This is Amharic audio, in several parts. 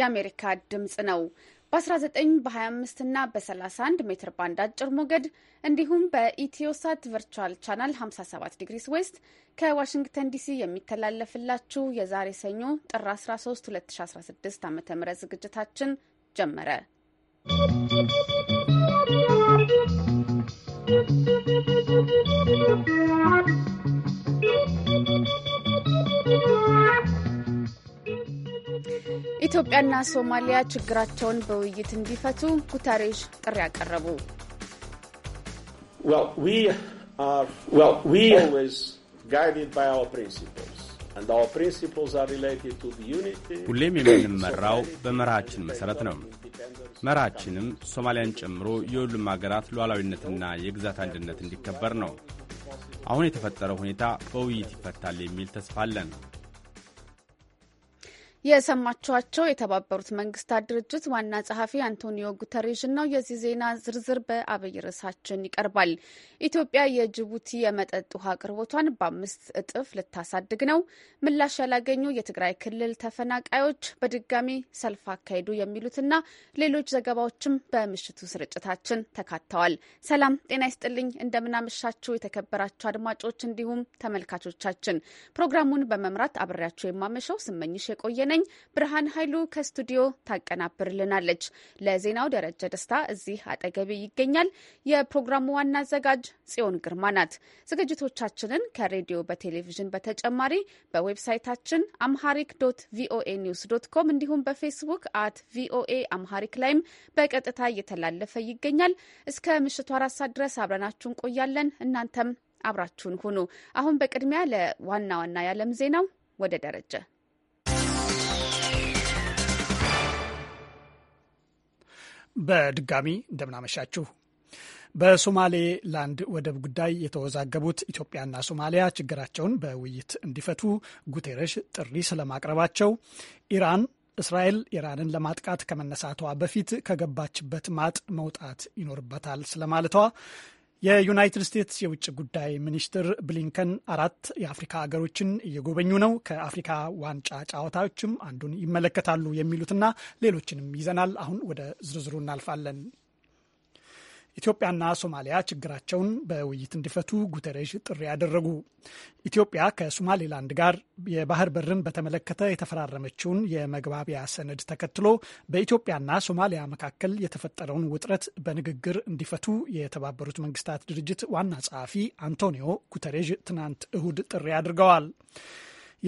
የአሜሪካ ድምፅ ነው። በ19 በ25 እና በ31 ሜትር ባንድ አጭር ሞገድ እንዲሁም በኢትዮሳት ቨርቹዋል ቻናል 57 ዲግሪስ ዌስት ከዋሽንግተን ዲሲ የሚተላለፍላችሁ የዛሬ ሰኞ ጥር 13 2016 ዓ ም ዝግጅታችን ጀመረ። ¶¶ ኢትዮጵያና ሶማሊያ ችግራቸውን በውይይት እንዲፈቱ ጉተሬሽ ጥሪ ያቀረቡ ሁሌም የምንመራው በመርሃችን መሠረት ነው። መርሃችንም ሶማሊያን ጨምሮ የሁሉም አገራት ሉዓላዊነትና የግዛት አንድነት እንዲከበር ነው። አሁን የተፈጠረው ሁኔታ በውይይት ይፈታል የሚል ተስፋ አለን። የሰማችኋቸው የተባበሩት መንግስታት ድርጅት ዋና ጸሐፊ አንቶኒዮ ጉተሬዥ ነው። የዚህ ዜና ዝርዝር በአብይ ርዕሳችን ይቀርባል። ኢትዮጵያ የጅቡቲ የመጠጥ ውሃ አቅርቦቷን በአምስት እጥፍ ልታሳድግ ነው፣ ምላሽ ያላገኙ የትግራይ ክልል ተፈናቃዮች በድጋሚ ሰልፍ አካሄዱ፣ የሚሉትና ሌሎች ዘገባዎችም በምሽቱ ስርጭታችን ተካተዋል። ሰላም ጤና ይስጥልኝ። እንደምናመሻችሁ የተከበራችሁ አድማጮች እንዲሁም ተመልካቾቻችን ፕሮግራሙን በመምራት አብሬያቸው የማመሸው ስመኝሽ የቆየ ነኝ። ብርሃን ኃይሉ ከስቱዲዮ ታቀናብርልናለች። ለዜናው ደረጀ ደስታ እዚህ አጠገቤ ይገኛል። የፕሮግራሙ ዋና አዘጋጅ ጽዮን ግርማ ናት። ዝግጅቶቻችንን ከሬዲዮ በቴሌቪዥን በተጨማሪ በዌብሳይታችን አምሃሪክ ዶት ቪኦኤ ኒውስ ዶት ኮም እንዲሁም በፌስቡክ አት ቪኦኤ አምሃሪክ ላይም በቀጥታ እየተላለፈ ይገኛል። እስከ ምሽቱ አራት ሰዓት ድረስ አብረናችሁን ቆያለን። እናንተም አብራችሁን ሁኑ። አሁን በቅድሚያ ለዋና ዋና የዓለም ዜናው ወደ ደረጀ በድጋሚ እንደምናመሻችሁ። በሶማሌ ላንድ ወደብ ጉዳይ የተወዛገቡት ኢትዮጵያና ሶማሊያ ችግራቸውን በውይይት እንዲፈቱ ጉቴረሽ ጥሪ ስለማቅረባቸው፣ ኢራን እስራኤል ኢራንን ለማጥቃት ከመነሳቷ በፊት ከገባችበት ማጥ መውጣት ይኖርበታል ስለማለቷ የዩናይትድ ስቴትስ የውጭ ጉዳይ ሚኒስትር ብሊንከን አራት የአፍሪካ ሀገሮችን እየጎበኙ ነው። ከአፍሪካ ዋንጫ ጨዋታዎችም አንዱን ይመለከታሉ የሚሉትና ሌሎችንም ይዘናል። አሁን ወደ ዝርዝሩ እናልፋለን። ኢትዮጵያና ሶማሊያ ችግራቸውን በውይይት እንዲፈቱ ጉተሬሽ ጥሪ ያደረጉ። ኢትዮጵያ ከሶማሌላንድ ጋር የባህር በርን በተመለከተ የተፈራረመችውን የመግባቢያ ሰነድ ተከትሎ በኢትዮጵያና ሶማሊያ መካከል የተፈጠረውን ውጥረት በንግግር እንዲፈቱ የተባበሩት መንግስታት ድርጅት ዋና ጸሐፊ አንቶኒዮ ጉተሬዥ ትናንት እሁድ ጥሪ አድርገዋል።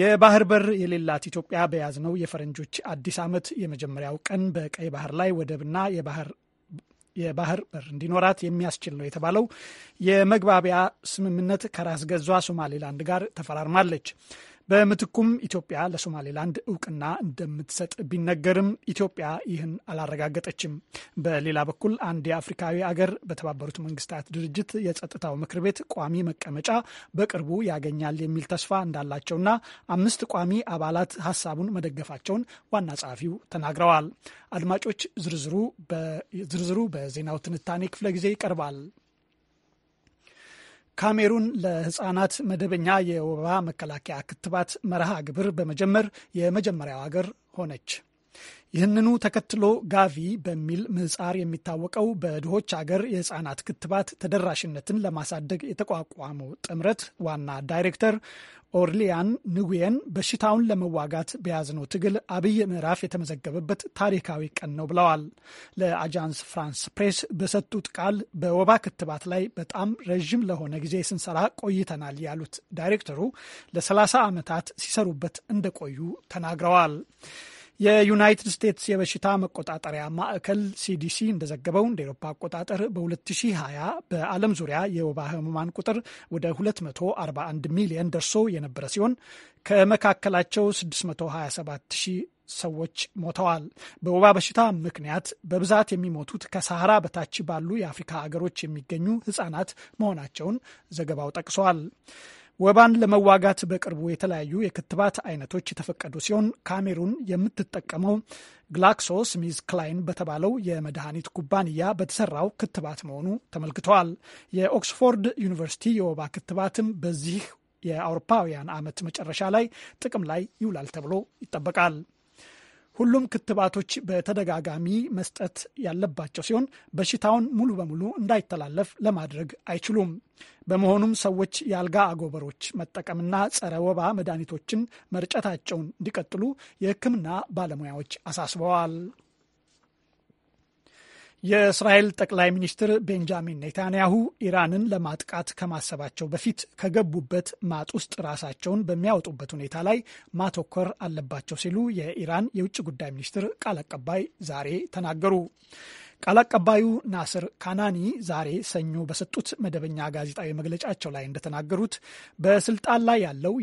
የባህር በር የሌላት ኢትዮጵያ በያዝነው የፈረንጆች አዲስ ዓመት የመጀመሪያው ቀን በቀይ ባህር ላይ ወደብና የባህር የባህር በር እንዲኖራት የሚያስችል ነው የተባለው የመግባቢያ ስምምነት ከራስ ገዟ ሶማሌላንድ ጋር ተፈራርማለች። በምትኩም ኢትዮጵያ ለሶማሌላንድ እውቅና እንደምትሰጥ ቢነገርም ኢትዮጵያ ይህን አላረጋገጠችም። በሌላ በኩል አንድ የአፍሪካዊ አገር በተባበሩት መንግስታት ድርጅት የጸጥታው ምክር ቤት ቋሚ መቀመጫ በቅርቡ ያገኛል የሚል ተስፋ እንዳላቸውና አምስት ቋሚ አባላት ሀሳቡን መደገፋቸውን ዋና ጸሐፊው ተናግረዋል። አድማጮች ዝርዝሩ በዜናው ትንታኔ ክፍለ ጊዜ ይቀርባል። ካሜሩን ለህፃናት መደበኛ የወባ መከላከያ ክትባት መርሃ ግብር በመጀመር የመጀመሪያው ሀገር ሆነች። ይህንኑ ተከትሎ ጋቪ በሚል ምህጻር የሚታወቀው በድሆች አገር የህፃናት ክትባት ተደራሽነትን ለማሳደግ የተቋቋመው ጥምረት ዋና ዳይሬክተር ኦርሊያን ንጉየን በሽታውን ለመዋጋት በያዝነው ትግል አብይ ምዕራፍ የተመዘገበበት ታሪካዊ ቀን ነው ብለዋል። ለአጃንስ ፍራንስ ፕሬስ በሰጡት ቃል በወባ ክትባት ላይ በጣም ረዥም ለሆነ ጊዜ ስንሰራ ቆይተናል ያሉት ዳይሬክተሩ ለ30 ዓመታት ሲሰሩበት እንደቆዩ ተናግረዋል። የዩናይትድ ስቴትስ የበሽታ መቆጣጠሪያ ማዕከል ሲዲሲ እንደዘገበው እንደ ኤሮፓ አቆጣጠር በ2020 በዓለም ዙሪያ የወባ ህሙማን ቁጥር ወደ 241 ሚሊየን ደርሶ የነበረ ሲሆን ከመካከላቸው 627 ሺህ ሰዎች ሞተዋል። በወባ በሽታ ምክንያት በብዛት የሚሞቱት ከሰሃራ በታች ባሉ የአፍሪካ ሀገሮች የሚገኙ ህጻናት መሆናቸውን ዘገባው ጠቅሷል። ወባን ለመዋጋት በቅርቡ የተለያዩ የክትባት አይነቶች የተፈቀዱ ሲሆን ካሜሩን የምትጠቀመው ግላክሶ ስሚዝ ክላይን በተባለው የመድኃኒት ኩባንያ በተሰራው ክትባት መሆኑ ተመልክተዋል። የኦክስፎርድ ዩኒቨርሲቲ የወባ ክትባትም በዚህ የአውሮፓውያን ዓመት መጨረሻ ላይ ጥቅም ላይ ይውላል ተብሎ ይጠበቃል። ሁሉም ክትባቶች በተደጋጋሚ መስጠት ያለባቸው ሲሆን በሽታውን ሙሉ በሙሉ እንዳይተላለፍ ለማድረግ አይችሉም። በመሆኑም ሰዎች የአልጋ አጎበሮች መጠቀምና ጸረ ወባ መድኃኒቶችን መርጨታቸውን እንዲቀጥሉ የሕክምና ባለሙያዎች አሳስበዋል። የእስራኤል ጠቅላይ ሚኒስትር ቤንጃሚን ኔታንያሁ ኢራንን ለማጥቃት ከማሰባቸው በፊት ከገቡበት ማጥ ውስጥ ራሳቸውን በሚያወጡበት ሁኔታ ላይ ማተኮር አለባቸው ሲሉ የኢራን የውጭ ጉዳይ ሚኒስትር ቃል አቀባይ ዛሬ ተናገሩ። ቃል አቀባዩ ናስር ካናኒ ዛሬ ሰኞ በሰጡት መደበኛ ጋዜጣዊ መግለጫቸው ላይ እንደተናገሩት በስልጣን ላይ ያለው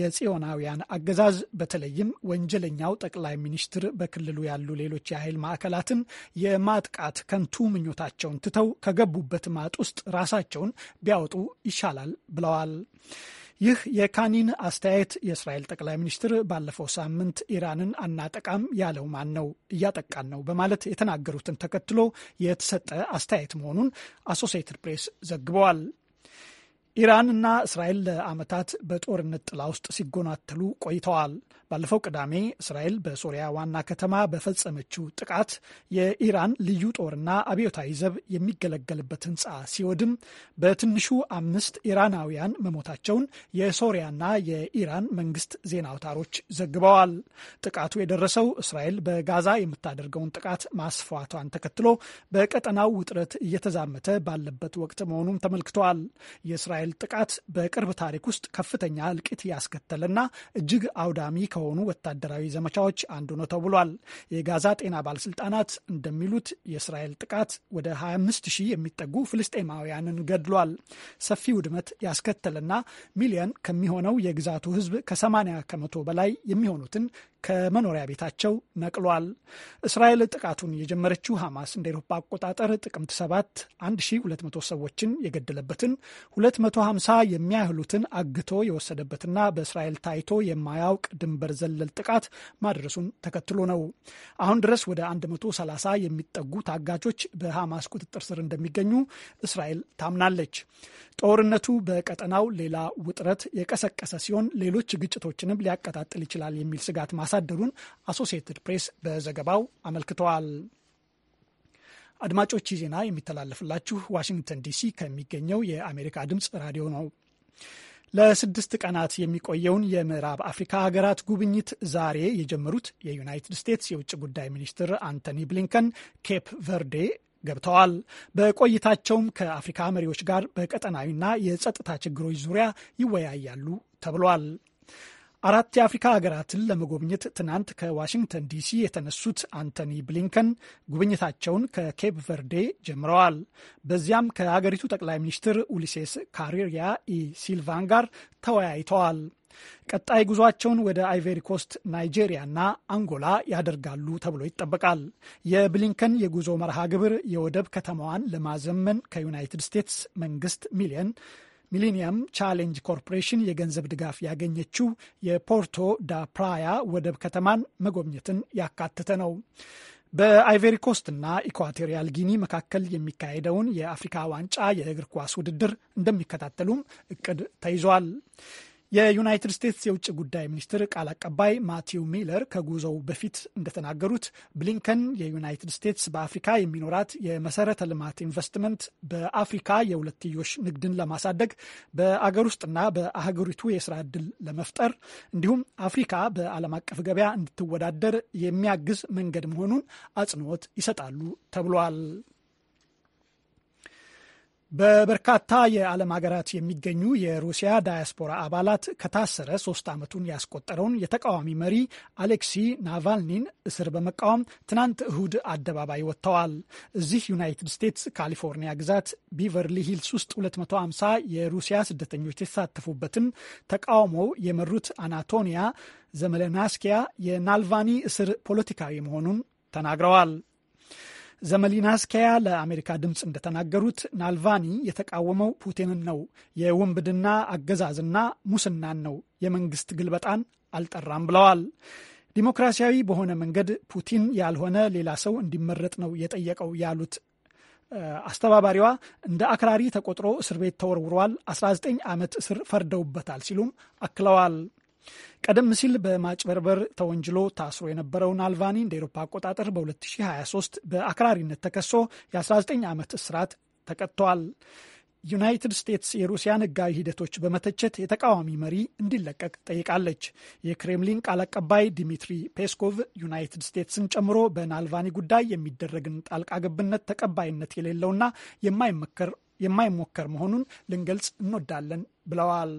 የጽዮናውያን አገዛዝ በተለይም ወንጀለኛው ጠቅላይ ሚኒስትር በክልሉ ያሉ ሌሎች የኃይል ማዕከላትን የማጥቃት ከንቱ ምኞታቸውን ትተው ከገቡበት ማጥ ውስጥ ራሳቸውን ቢያወጡ ይሻላል ብለዋል። ይህ የካኒን አስተያየት የእስራኤል ጠቅላይ ሚኒስትር ባለፈው ሳምንት ኢራንን አናጠቃም ያለው ማን ነው እያጠቃን ነው በማለት የተናገሩትን ተከትሎ የተሰጠ አስተያየት መሆኑን አሶሴትድ ፕሬስ ዘግበዋል። ኢራንና እስራኤል ለዓመታት በጦርነት ጥላ ውስጥ ሲጎናተሉ ቆይተዋል። ባለፈው ቅዳሜ እስራኤል በሶሪያ ዋና ከተማ በፈጸመችው ጥቃት የኢራን ልዩ ጦርና አብዮታዊ ዘብ የሚገለገልበት ህንፃ ሲወድም በትንሹ አምስት ኢራናውያን መሞታቸውን የሶሪያና የኢራን መንግስት ዜና አውታሮች ዘግበዋል። ጥቃቱ የደረሰው እስራኤል በጋዛ የምታደርገውን ጥቃት ማስፋቷን ተከትሎ በቀጠናው ውጥረት እየተዛመተ ባለበት ወቅት መሆኑም ተመልክተዋል። የእስራኤል ጥቃት በቅርብ ታሪክ ውስጥ ከፍተኛ እልቂት ያስከተለና እጅግ አውዳሚ ከሆኑ ወታደራዊ ዘመቻዎች አንዱ ነው ተብሏል። የጋዛ ጤና ባለስልጣናት እንደሚሉት የእስራኤል ጥቃት ወደ 25 ሺህ የሚጠጉ ፍልስጤማውያንን ገድሏል። ሰፊ ውድመት ያስከተለና ሚሊዮን ከሚሆነው የግዛቱ ሕዝብ ከ80 ከመቶ በላይ የሚሆኑትን ከመኖሪያ ቤታቸው ነቅሏል። እስራኤል ጥቃቱን የጀመረችው ሐማስ እንደ ኤሮፓ አቆጣጠር ጥቅምት 7 1200 ሰዎችን የገደለበትን 250 የሚያህሉትን አግቶ የወሰደበትና በእስራኤል ታይቶ የማያውቅ ድንበር ዘለል ጥቃት ማድረሱን ተከትሎ ነው። አሁን ድረስ ወደ 130 የሚጠጉ ታጋቾች በሐማስ ቁጥጥር ስር እንደሚገኙ እስራኤል ታምናለች። ጦርነቱ በቀጠናው ሌላ ውጥረት የቀሰቀሰ ሲሆን ሌሎች ግጭቶችንም ሊያቀጣጥል ይችላል የሚል ስጋት ማሳደሩን አሶሲየትድ ፕሬስ በዘገባው አመልክተዋል። አድማጮች ዜና የሚተላለፍላችሁ ዋሽንግተን ዲሲ ከሚገኘው የአሜሪካ ድምፅ ራዲዮ ነው። ለስድስት ቀናት የሚቆየውን የምዕራብ አፍሪካ ሀገራት ጉብኝት ዛሬ የጀመሩት የዩናይትድ ስቴትስ የውጭ ጉዳይ ሚኒስትር አንቶኒ ብሊንከን ኬፕ ቨርዴ ገብተዋል። በቆይታቸውም ከአፍሪካ መሪዎች ጋር በቀጠናዊና የጸጥታ ችግሮች ዙሪያ ይወያያሉ ተብሏል። አራት የአፍሪካ ሀገራትን ለመጎብኘት ትናንት ከዋሽንግተን ዲሲ የተነሱት አንቶኒ ብሊንከን ጉብኝታቸውን ከኬፕ ቨርዴ ጀምረዋል። በዚያም ከሀገሪቱ ጠቅላይ ሚኒስትር ኡሊሴስ ካሪሪያ ኢ ሲልቫን ጋር ተወያይተዋል። ቀጣይ ጉዟቸውን ወደ አይቬሪ ኮስት፣ ናይጄሪያና አንጎላ ያደርጋሉ ተብሎ ይጠበቃል። የብሊንከን የጉዞ መርሃ ግብር የወደብ ከተማዋን ለማዘመን ከዩናይትድ ስቴትስ መንግስት ሚሊየን ሚሊኒየም ቻሌንጅ ኮርፖሬሽን የገንዘብ ድጋፍ ያገኘችው የፖርቶ ዳ ፕራያ ወደብ ከተማን መጎብኘትን ያካተተ ነው። በአይቬሪ ኮስትና ኢኳቶሪያል ጊኒ መካከል የሚካሄደውን የአፍሪካ ዋንጫ የእግር ኳስ ውድድር እንደሚከታተሉም እቅድ ተይዟል። የዩናይትድ ስቴትስ የውጭ ጉዳይ ሚኒስትር ቃል አቀባይ ማቲው ሚለር ከጉዞው በፊት እንደተናገሩት ብሊንከን የዩናይትድ ስቴትስ በአፍሪካ የሚኖራት የመሰረተ ልማት ኢንቨስትመንት በአፍሪካ የሁለትዮሽ ንግድን ለማሳደግ በአገር ውስጥና በአህጉሪቱ የስራ ዕድል ለመፍጠር እንዲሁም አፍሪካ በዓለም አቀፍ ገበያ እንድትወዳደር የሚያግዝ መንገድ መሆኑን አጽንኦት ይሰጣሉ ተብሏል። በበርካታ የዓለም ሀገራት የሚገኙ የሩሲያ ዳያስፖራ አባላት ከታሰረ ሶስት ዓመቱን ያስቆጠረውን የተቃዋሚ መሪ አሌክሲ ናቫልኒን እስር በመቃወም ትናንት እሁድ አደባባይ ወጥተዋል። እዚህ ዩናይትድ ስቴትስ ካሊፎርኒያ ግዛት ቢቨርሊ ሂልስ ውስጥ 250 የሩሲያ ስደተኞች የተሳተፉበትን ተቃውሞ የመሩት አናቶኒያ ዘመለናስኪያ የናልቫኒ እስር ፖለቲካዊ መሆኑን ተናግረዋል። ዘመሊናስኪያ ለአሜሪካ ድምፅ እንደተናገሩት ናልቫኒ የተቃወመው ፑቲንን ነው። የውንብድና አገዛዝና ሙስናን ነው። የመንግስት ግልበጣን አልጠራም ብለዋል። ዲሞክራሲያዊ በሆነ መንገድ ፑቲን ያልሆነ ሌላ ሰው እንዲመረጥ ነው የጠየቀው ያሉት አስተባባሪዋ እንደ አክራሪ ተቆጥሮ እስር ቤት ተወርውሯል፣ 19 ዓመት እስር ፈርደውበታል ሲሉም አክለዋል። ቀደም ሲል በማጭበርበር ተወንጅሎ ታስሮ የነበረውን አልቫኒ እንደ ኤሮፓ አቆጣጠር በ2023 በአክራሪነት ተከሶ የ19 ዓመት እስራት ተቀጥተዋል። ዩናይትድ ስቴትስ የሩሲያን ሕጋዊ ሂደቶች በመተቸት የተቃዋሚ መሪ እንዲለቀቅ ጠይቃለች። የክሬምሊን ቃል አቀባይ ዲሚትሪ ፔስኮቭ ዩናይትድ ስቴትስን ጨምሮ በናልቫኒ ጉዳይ የሚደረግን ጣልቃ ገብነት ተቀባይነት የሌለውና የማይሞከር መሆኑን ልንገልጽ እንወዳለን ብለዋል።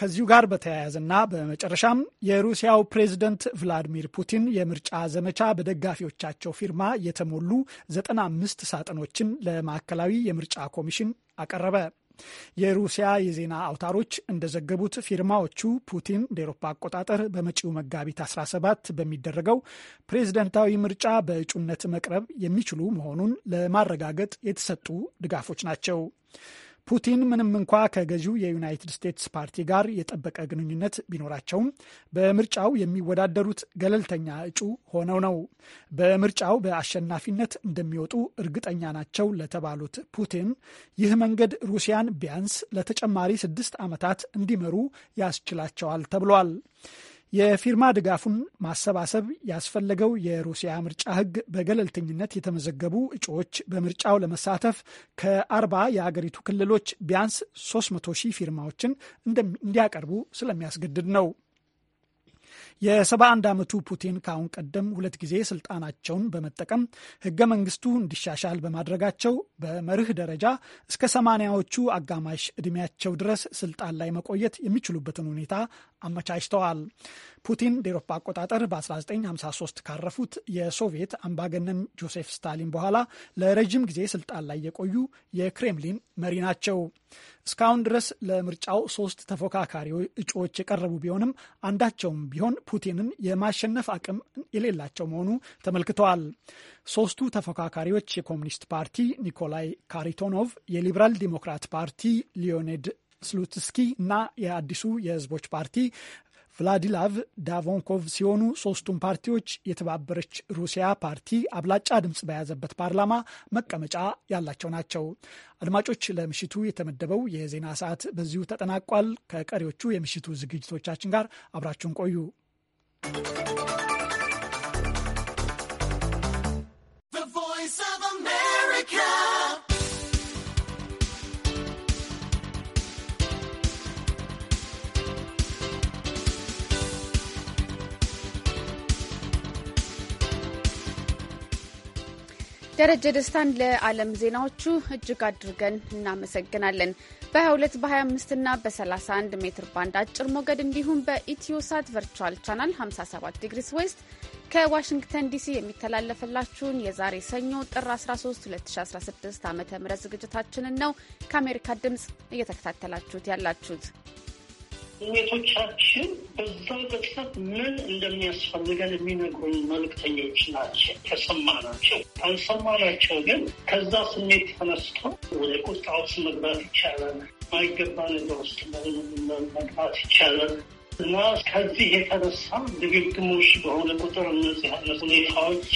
ከዚሁ ጋር በተያያዘና በመጨረሻም የሩሲያው ፕሬዝደንት ቭላዲሚር ፑቲን የምርጫ ዘመቻ በደጋፊዎቻቸው ፊርማ የተሞሉ 95 ሳጥኖችን ለማዕከላዊ የምርጫ ኮሚሽን አቀረበ። የሩሲያ የዜና አውታሮች እንደዘገቡት ፊርማዎቹ ፑቲን እንደ ኤሮፓ አቆጣጠር በመጪው መጋቢት 17 በሚደረገው ፕሬዝደንታዊ ምርጫ በእጩነት መቅረብ የሚችሉ መሆኑን ለማረጋገጥ የተሰጡ ድጋፎች ናቸው። ፑቲን ምንም እንኳ ከገዢው የዩናይትድ ስቴትስ ፓርቲ ጋር የጠበቀ ግንኙነት ቢኖራቸውም በምርጫው የሚወዳደሩት ገለልተኛ እጩ ሆነው ነው። በምርጫው በአሸናፊነት እንደሚወጡ እርግጠኛ ናቸው ለተባሉት ፑቲን ይህ መንገድ ሩሲያን ቢያንስ ለተጨማሪ ስድስት ዓመታት እንዲመሩ ያስችላቸዋል ተብሏል። የፊርማ ድጋፉን ማሰባሰብ ያስፈለገው የሩሲያ ምርጫ ሕግ በገለልተኝነት የተመዘገቡ እጩዎች በምርጫው ለመሳተፍ ከአርባ የአገሪቱ ክልሎች ቢያንስ 300 ሺህ ፊርማዎችን እንዲያቀርቡ ስለሚያስገድድ ነው። የ71 ዓመቱ ፑቲን ከአሁን ቀደም ሁለት ጊዜ ስልጣናቸውን በመጠቀም ህገ መንግስቱ እንዲሻሻል በማድረጋቸው በመርህ ደረጃ እስከ ሰማንያዎቹ አጋማሽ ዕድሜያቸው ድረስ ስልጣን ላይ መቆየት የሚችሉበትን ሁኔታ አመቻችተዋል። ፑቲን እንደ ኤሮፓ አቆጣጠር በ1953 ካረፉት የሶቪየት አምባገነን ጆሴፍ ስታሊን በኋላ ለረጅም ጊዜ ስልጣን ላይ የቆዩ የክሬምሊን መሪ ናቸው። እስካሁን ድረስ ለምርጫው ሶስት ተፎካካሪ እጩዎች የቀረቡ ቢሆንም አንዳቸውም ቢሆን ፑቲንን የማሸነፍ አቅም የሌላቸው መሆኑ ተመልክተዋል። ሶስቱ ተፎካካሪዎች የኮሚኒስት ፓርቲ ኒኮላይ ካሪቶኖቭ፣ የሊበራል ዲሞክራት ፓርቲ ሊዮኔድ ስሉትስኪ እና የአዲሱ የህዝቦች ፓርቲ ቭላዲላቭ ዳቮንኮቭ ሲሆኑ ሶስቱም ፓርቲዎች የተባበረች ሩሲያ ፓርቲ አብላጫ ድምፅ በያዘበት ፓርላማ መቀመጫ ያላቸው ናቸው። አድማጮች፣ ለምሽቱ የተመደበው የዜና ሰዓት በዚሁ ተጠናቋል። ከቀሪዎቹ የምሽቱ ዝግጅቶቻችን ጋር አብራችሁን ቆዩ። ደረጀ ደስታን ለዓለም ዜናዎቹ እጅግ አድርገን እናመሰግናለን። በ22 በ25 እና በ31 ሜትር ባንድ አጭር ሞገድ እንዲሁም በኢትዮሳት ቨርቹዋል ቻናል 57 ዲግሪስ ዌስት ከዋሽንግተን ዲሲ የሚተላለፍላችሁን የዛሬ ሰኞ ጥር 13 2016 ዓ ም ዝግጅታችንን ነው ከአሜሪካ ድምፅ እየተከታተላችሁት ያላችሁት። ስሜቶቻችን በዛ በጥፋት ምን እንደሚያስፈልገን የሚነግሩን መልክተኞች ናቸው። ተሰማ ናቸው አልሰማ ናቸው። ግን ከዛ ስሜት ተነስቶ ወደ ውስጥ መግባት ይቻላል። ማይገባ ነገር ውስጥ መግባት ይቻላል። እና ከዚህ የተነሳ ድግግሞሽ በሆነ ቁጥር እነዚህ አይነት ሁኔታዎች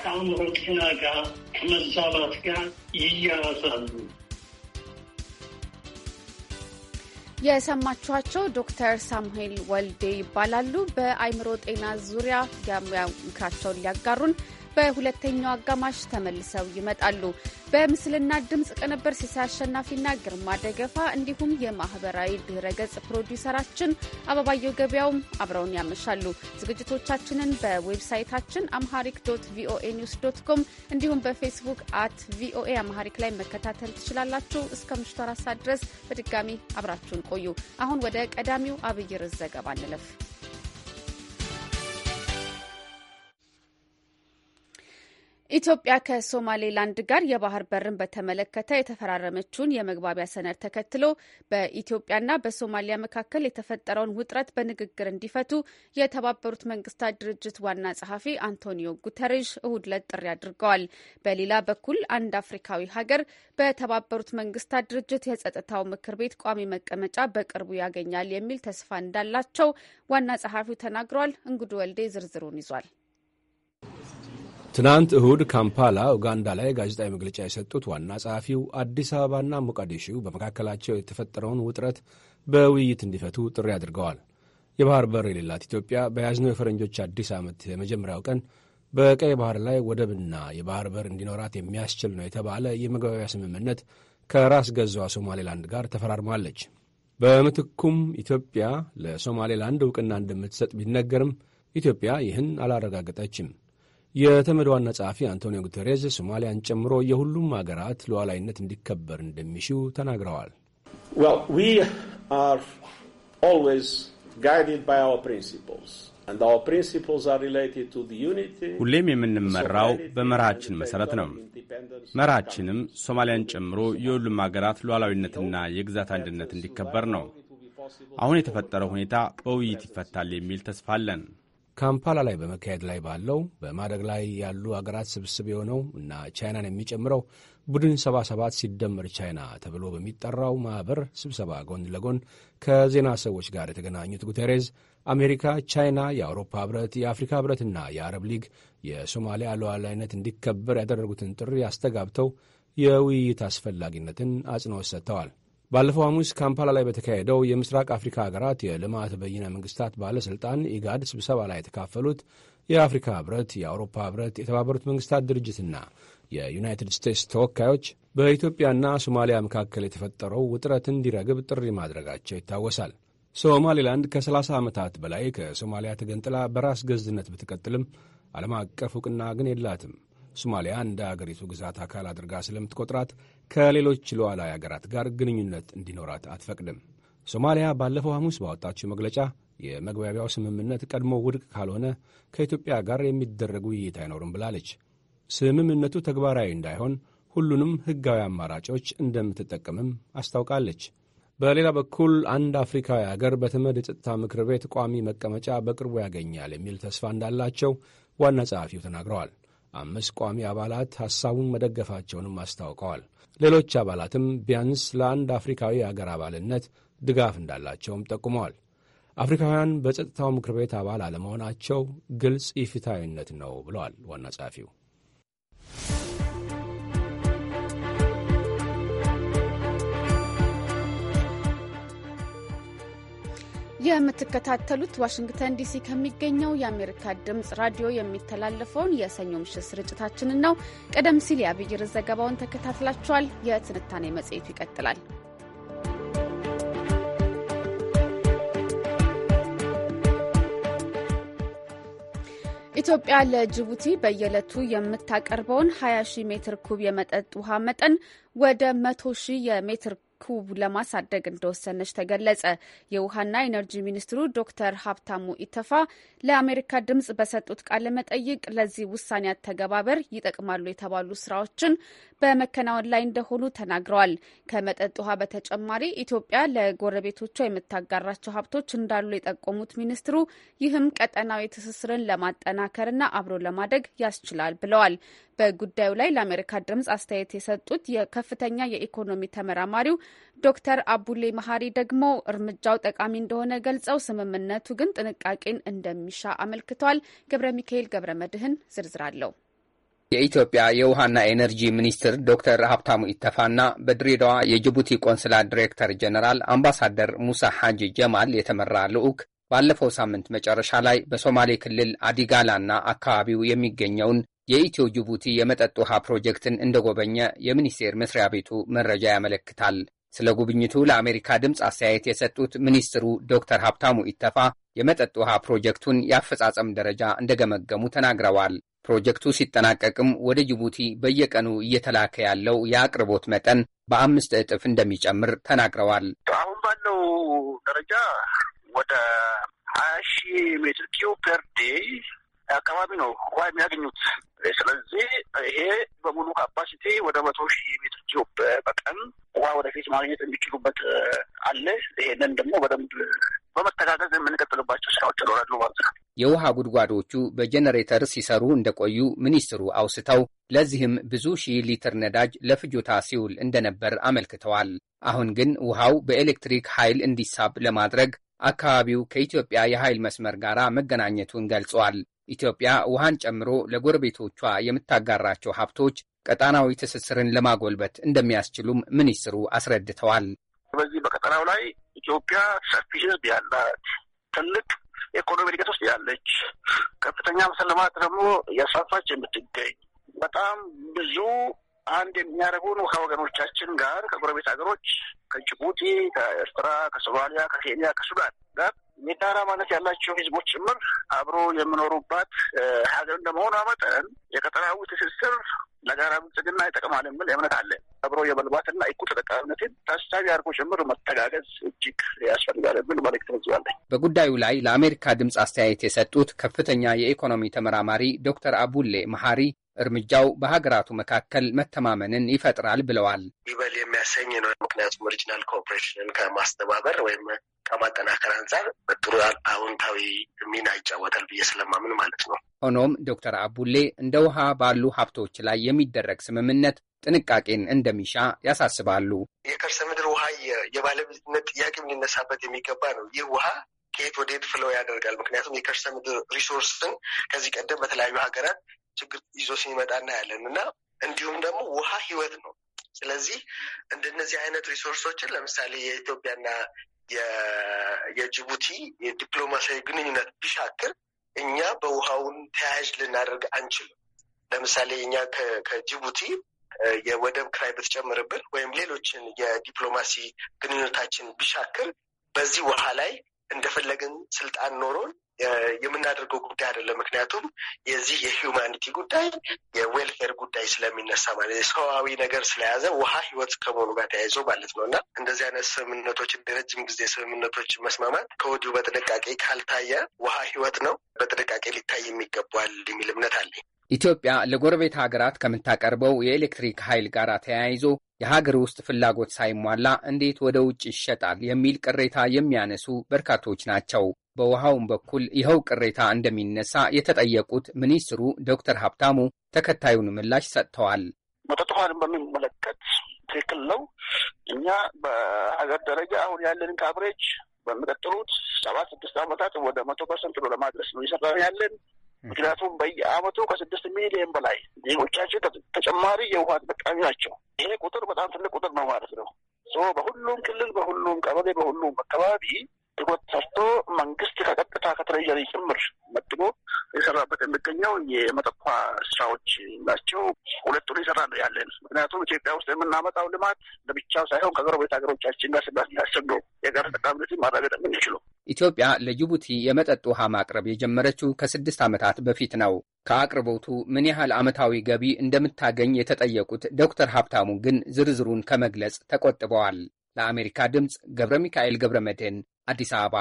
ከአእምሮ ጤና ጋር ከመዛባት ጋር ይያያዛሉ። የሰማችኋቸው ዶክተር ሳሙኤል ወልዴ ይባላሉ። በአይምሮ ጤና ዙሪያ ምክራቸውን ሊያጋሩን በሁለተኛው አጋማሽ ተመልሰው ይመጣሉ። በምስልና ድምፅ ቅንብር ሲሳይ አሸናፊና ግርማ ደገፋ እንዲሁም የማህበራዊ ገጽ ፕሮዲውሰራችን አበባየው ገበያውም አብረውን ያመሻሉ። ዝግጅቶቻችንን በዌብሳይታችን አምሃሪክ ዶት ቪኦኤ ኒውስ ዶት ኮም እንዲሁም በፌስቡክ አት ቪኦኤ አምሃሪክ ላይ መከታተል ትችላላችሁ። እስከ ምሽቱ አራት ሰዓት ድረስ በድጋሚ አብራችሁን ቆዩ። አሁን ወደ ቀዳሚው አብይ ርዕስ ዘገባ እንለፍ። ኢትዮጵያ ከሶማሌላንድ ጋር የባህር በርን በተመለከተ የተፈራረመችውን የመግባቢያ ሰነድ ተከትሎ በኢትዮጵያና በሶማሊያ መካከል የተፈጠረውን ውጥረት በንግግር እንዲፈቱ የተባበሩት መንግስታት ድርጅት ዋና ጸሐፊ አንቶኒዮ ጉተሬዥ እሁድ ዕለት ጥሪ አድርገዋል። በሌላ በኩል አንድ አፍሪካዊ ሀገር በተባበሩት መንግስታት ድርጅት የጸጥታው ምክር ቤት ቋሚ መቀመጫ በቅርቡ ያገኛል የሚል ተስፋ እንዳላቸው ዋና ጸሐፊው ተናግረዋል። እንግዱ ወልዴ ዝርዝሩን ይዟል። ትናንት እሁድ ካምፓላ ኡጋንዳ ላይ ጋዜጣዊ መግለጫ የሰጡት ዋና ጸሐፊው አዲስ አበባና ሞቃዲሾ በመካከላቸው የተፈጠረውን ውጥረት በውይይት እንዲፈቱ ጥሪ አድርገዋል። የባህር በር የሌላት ኢትዮጵያ በያዝነው የፈረንጆች አዲስ ዓመት የመጀመሪያው ቀን በቀይ ባህር ላይ ወደብና የባህር በር እንዲኖራት የሚያስችል ነው የተባለ የመግባቢያ ስምምነት ከራስ ገዟ ሶማሌላንድ ጋር ተፈራርማለች። በምትኩም ኢትዮጵያ ለሶማሌላንድ እውቅና እንደምትሰጥ ቢነገርም ኢትዮጵያ ይህን አላረጋገጠችም። የተመድ ዋና ጸሐፊ አንቶኒዮ ጉተሬዝ ሶማሊያን ጨምሮ የሁሉም አገራት ሉዓላዊነት እንዲከበር እንደሚሹ ተናግረዋል። ሁሌም የምንመራው በመርሃችን መሠረት ነው። መርሃችንም ሶማሊያን ጨምሮ የሁሉም አገራት ሉዓላዊነትና የግዛት አንድነት እንዲከበር ነው። አሁን የተፈጠረው ሁኔታ በውይይት ይፈታል የሚል ተስፋ አለን። ካምፓላ ላይ በመካሄድ ላይ ባለው በማደግ ላይ ያሉ አገራት ስብስብ የሆነው እና ቻይናን የሚጨምረው ቡድን 77 ሲደመር ቻይና ተብሎ በሚጠራው ማኅበር ስብሰባ ጎን ለጎን ከዜና ሰዎች ጋር የተገናኙት ጉቴሬዝ አሜሪካ፣ ቻይና፣ የአውሮፓ ህብረት፣ የአፍሪካ ህብረትና የአረብ ሊግ የሶማሊያ ሉዓላዊነት እንዲከበር ያደረጉትን ጥሪ አስተጋብተው የውይይት አስፈላጊነትን አጽንኦት ሰጥተዋል። ባለፈው ሐሙስ ካምፓላ ላይ በተካሄደው የምስራቅ አፍሪካ ሀገራት የልማት በይነ መንግስታት ባለሥልጣን ኢጋድ ስብሰባ ላይ የተካፈሉት የአፍሪካ ህብረት፣ የአውሮፓ ህብረት፣ የተባበሩት መንግስታት ድርጅትና የዩናይትድ ስቴትስ ተወካዮች በኢትዮጵያና ሶማሊያ መካከል የተፈጠረው ውጥረት እንዲረግብ ጥሪ ማድረጋቸው ይታወሳል። ሶማሌላንድ ከ30 ዓመታት በላይ ከሶማሊያ ተገንጥላ በራስ ገዝነት ብትቀጥልም ዓለም አቀፍ እውቅና ግን የላትም። ሶማሊያ እንደ አገሪቱ ግዛት አካል አድርጋ ስለምትቆጥራት ከሌሎች ሉዓላዊ አገራት ጋር ግንኙነት እንዲኖራት አትፈቅድም። ሶማሊያ ባለፈው ሐሙስ ባወጣችው መግለጫ የመግባቢያው ስምምነት ቀድሞ ውድቅ ካልሆነ ከኢትዮጵያ ጋር የሚደረግ ውይይት አይኖርም ብላለች። ስምምነቱ ተግባራዊ እንዳይሆን ሁሉንም ሕጋዊ አማራጮች እንደምትጠቀምም አስታውቃለች። በሌላ በኩል አንድ አፍሪካዊ አገር በተመድ የጸጥታ ምክር ቤት ቋሚ መቀመጫ በቅርቡ ያገኛል የሚል ተስፋ እንዳላቸው ዋና ጸሐፊው ተናግረዋል። አምስት ቋሚ አባላት ሐሳቡን መደገፋቸውንም አስታውቀዋል። ሌሎች አባላትም ቢያንስ ለአንድ አፍሪካዊ አገር አባልነት ድጋፍ እንዳላቸውም ጠቁመዋል። አፍሪካውያን በጸጥታው ምክር ቤት አባል አለመሆናቸው ግልጽ ኢፍትሐዊነት ነው ብለዋል ዋና ጸሐፊው። የምትከታተሉት ዋሽንግተን ዲሲ ከሚገኘው የአሜሪካ ድምፅ ራዲዮ የሚተላለፈውን የሰኞ ምሽት ስርጭታችንን ነው። ቀደም ሲል የአብይር ዘገባውን ተከታትላችኋል። የትንታኔ መጽሔቱ ይቀጥላል። ኢትዮጵያ ለጅቡቲ በየዕለቱ የምታቀርበውን 20 ሺህ ሜትር ኩብ የመጠጥ ውሃ መጠን ወደ 100 ሺህ የሜትር ኩብ ለማሳደግ እንደወሰነች ተገለጸ። የውሃና ኢነርጂ ሚኒስትሩ ዶክተር ሀብታሙ ኢተፋ ለአሜሪካ ድምጽ በሰጡት ቃለ መጠይቅ ለዚህ ውሳኔ አተገባበር ይጠቅማሉ የተባሉ ስራዎችን በመከናወን ላይ እንደሆኑ ተናግረዋል። ከመጠጥ ውሃ በተጨማሪ ኢትዮጵያ ለጎረቤቶቿ የምታጋራቸው ሀብቶች እንዳሉ የጠቆሙት ሚኒስትሩ ይህም ቀጠናዊ ትስስርን ለማጠናከርና አብሮ ለማደግ ያስችላል ብለዋል። በጉዳዩ ላይ ለአሜሪካ ድምጽ አስተያየት የሰጡት የከፍተኛ የኢኮኖሚ ተመራማሪው ዶክተር አቡሌ መሀሪ ደግሞ እርምጃው ጠቃሚ እንደሆነ ገልጸው ስምምነቱ ግን ጥንቃቄን እንደሚሻ አመልክተዋል። ገብረ ሚካኤል ገብረ መድህን ዝርዝር አለው። የኢትዮጵያ የውሃና ኤነርጂ ሚኒስትር ዶክተር ሀብታሙ ኢተፋና በድሬዳዋ የጅቡቲ ቆንስላ ዲሬክተር ጀነራል አምባሳደር ሙሳ ሐጂ ጀማል የተመራ ልዑክ ባለፈው ሳምንት መጨረሻ ላይ በሶማሌ ክልል አዲጋላና አካባቢው የሚገኘውን የኢትዮ ጅቡቲ የመጠጥ ውሃ ፕሮጀክትን እንደጎበኘ የሚኒስቴር መስሪያ ቤቱ መረጃ ያመለክታል። ስለ ጉብኝቱ ለአሜሪካ ድምፅ አስተያየት የሰጡት ሚኒስትሩ ዶክተር ሀብታሙ ኢተፋ የመጠጥ ውሃ ፕሮጀክቱን የአፈጻጸም ደረጃ እንደገመገሙ ተናግረዋል። ፕሮጀክቱ ሲጠናቀቅም ወደ ጅቡቲ በየቀኑ እየተላከ ያለው የአቅርቦት መጠን በአምስት እጥፍ እንደሚጨምር ተናግረዋል። አሁን ባለው ደረጃ ወደ ሀያ ሺህ ሜትር ኪዩ ፐር ዴይ አካባቢ ነው ውሃ የሚያገኙት። ስለዚህ ይሄ በሙሉ ካፓሲቲ ወደ መቶ ሺህ ሜትር ኪዩብ በቀን ውሃ ወደፊት ማግኘት የሚችሉበት አለ። ይሄንን ደግሞ በደንብ በመተጋገዝ የምንቀጥልባቸው ስራዎች ይኖራሉ ማለት ነው። የውሃ ጉድጓዶቹ በጄኔሬተር ሲሰሩ እንደቆዩ ሚኒስትሩ አውስተው ለዚህም ብዙ ሺህ ሊትር ነዳጅ ለፍጆታ ሲውል እንደነበር አመልክተዋል። አሁን ግን ውሃው በኤሌክትሪክ ኃይል እንዲሳብ ለማድረግ አካባቢው ከኢትዮጵያ የኃይል መስመር ጋር መገናኘቱን ገልጿል። ኢትዮጵያ ውሃን ጨምሮ ለጎረቤቶቿ የምታጋራቸው ሀብቶች ቀጣናዊ ትስስርን ለማጎልበት እንደሚያስችሉም ሚኒስትሩ አስረድተዋል። በዚህ በቀጠናው ላይ ኢትዮጵያ ሰፊ ሕዝብ ያላት ትልቅ የኢኮኖሚ እድገት ውስጥ ያለች ከፍተኛ መሰለማት ደግሞ እያስፋፋች የምትገኝ በጣም ብዙ አንድ የሚያደርጉን ከወገኖቻችን ጋር ከጎረቤት ሀገሮች ከጅቡቲ፣ ከኤርትራ፣ ከሶማሊያ፣ ከኬንያ፣ ከሱዳን ጋር የጋራ ማለት ያላቸው ህዝቦች ጭምር አብሮ የምኖሩባት ሀገር እንደመሆኗ መጠን የቀጠናዊ ትስስር ለጋራ ብልጽግና ይጠቅማል የሚል እምነት አለ። አብሮ የመልማትና እኩል ተጠቃሚነትን ታሳቢ አድርጎ ጭምር መተጋገዝ እጅግ ያስፈልጋል የሚል መልዕክት ነዝባለኝ። በጉዳዩ ላይ ለአሜሪካ ድምፅ አስተያየት የሰጡት ከፍተኛ የኢኮኖሚ ተመራማሪ ዶክተር አቡሌ መሐሪ እርምጃው በሀገራቱ መካከል መተማመንን ይፈጥራል ብለዋል። ይበል የሚያሰኝ ነው። ምክንያቱም ኦሪጂናል ኮኦፕሬሽንን ከማስተባበር ወይም ከማጠናከር አንጻር ጥሩ አዎንታዊ ሚና ይጫወታል ብዬ ስለማምን ማለት ነው። ሆኖም ዶክተር አቡሌ እንደ ውሃ ባሉ ሀብቶች ላይ የሚደረግ ስምምነት ጥንቃቄን እንደሚሻ ያሳስባሉ። የከርሰ ምድር ውሃ የባለቤትነት ጥያቄ ሊነሳበት የሚገባ ነው። ይህ ውሃ ከየት ወደ የት ፍለው ያደርጋል? ምክንያቱም የከርሰ ምድር ሪሶርስን ከዚህ ቀደም በተለያዩ ሀገራት ችግር ይዞ ሲመጣ እናያለን እና እንዲሁም ደግሞ ውሃ ህይወት ነው። ስለዚህ እንደነዚህ አይነት ሪሶርሶችን ለምሳሌ የኢትዮጵያና የጅቡቲ የዲፕሎማሲያዊ ግንኙነት ቢሻክር እኛ በውሃውን ተያያዥ ልናደርግ አንችልም። ለምሳሌ እኛ ከጅቡቲ የወደብ ክራይ ብትጨምርብን ወይም ሌሎችን የዲፕሎማሲ ግንኙነታችን ቢሻክር በዚህ ውሃ ላይ እንደፈለግን ስልጣን ኖሮን የምናደርገው ጉዳይ አይደለም። ምክንያቱም የዚህ የሂውማኒቲ ጉዳይ የዌልፌር ጉዳይ ስለሚነሳ ማለት የሰዋዊ ነገር ስለያዘ ውሃ ህይወት ከመሆኑ ጋር ተያይዞ ማለት ነው እና እንደዚህ አይነት ስምምነቶች የረጅም ጊዜ ስምምነቶች መስማማት ከወዲሁ በጥንቃቄ ካልታየ ውሃ ህይወት ነው፣ በጥንቃቄ ሊታይ የሚገባል የሚል እምነት አለኝ። ኢትዮጵያ ለጎረቤት ሀገራት ከምታቀርበው የኤሌክትሪክ ኃይል ጋር ተያይዞ የሀገር ውስጥ ፍላጎት ሳይሟላ እንዴት ወደ ውጭ ይሸጣል የሚል ቅሬታ የሚያነሱ በርካቶች ናቸው። በውሃውም በኩል ይኸው ቅሬታ እንደሚነሳ የተጠየቁት ሚኒስትሩ ዶክተር ሀብታሙ ተከታዩን ምላሽ ሰጥተዋል። መጠጥ በሚመለከት ትክክል ነው። እኛ በሀገር ደረጃ አሁን ያለን ካብሬጅ በሚቀጥሉት ሰባት ስድስት ዓመታት ወደ መቶ ፐርሰንት ነው ለማድረስ ነው እየሰራን ያለን ምክንያቱም በየአመቱ ከስድስት ሚሊዮን በላይ ዜጎቻችን ተጨማሪ የውሃ ተጠቃሚ ናቸው። ይሄ ቁጥር በጣም ትልቅ ቁጥር ነው ማለት ነው። በሁሉም ክልል፣ በሁሉም ቀበሌ፣ በሁሉም አካባቢ ትኩረት ሰርቶ መንግስት ከቀጥታ ከትሬዠሪ ጭምር መጥቦ የሰራበት የሚገኘው የመጠጥ ስራዎች ናቸው። ሁለቱን የሰራ ነው ያለን። ምክንያቱም ኢትዮጵያ ውስጥ የምናመጣው ልማት ለብቻው ሳይሆን ከጎረቤት ሀገሮቻችን ጋር ስናስናስብ ነው የጋራ ተጠቃሚነትን ማረጋገጥ የምንችለው። ኢትዮጵያ ለጅቡቲ የመጠጥ ውሃ ማቅረብ የጀመረችው ከስድስት ዓመታት በፊት ነው። ከአቅርቦቱ ምን ያህል ዓመታዊ ገቢ እንደምታገኝ የተጠየቁት ዶክተር ሀብታሙ ግን ዝርዝሩን ከመግለጽ ተቆጥበዋል። ለአሜሪካ ድምፅ ገብረ ሚካኤል ገብረ መድህን አዲስ አበባ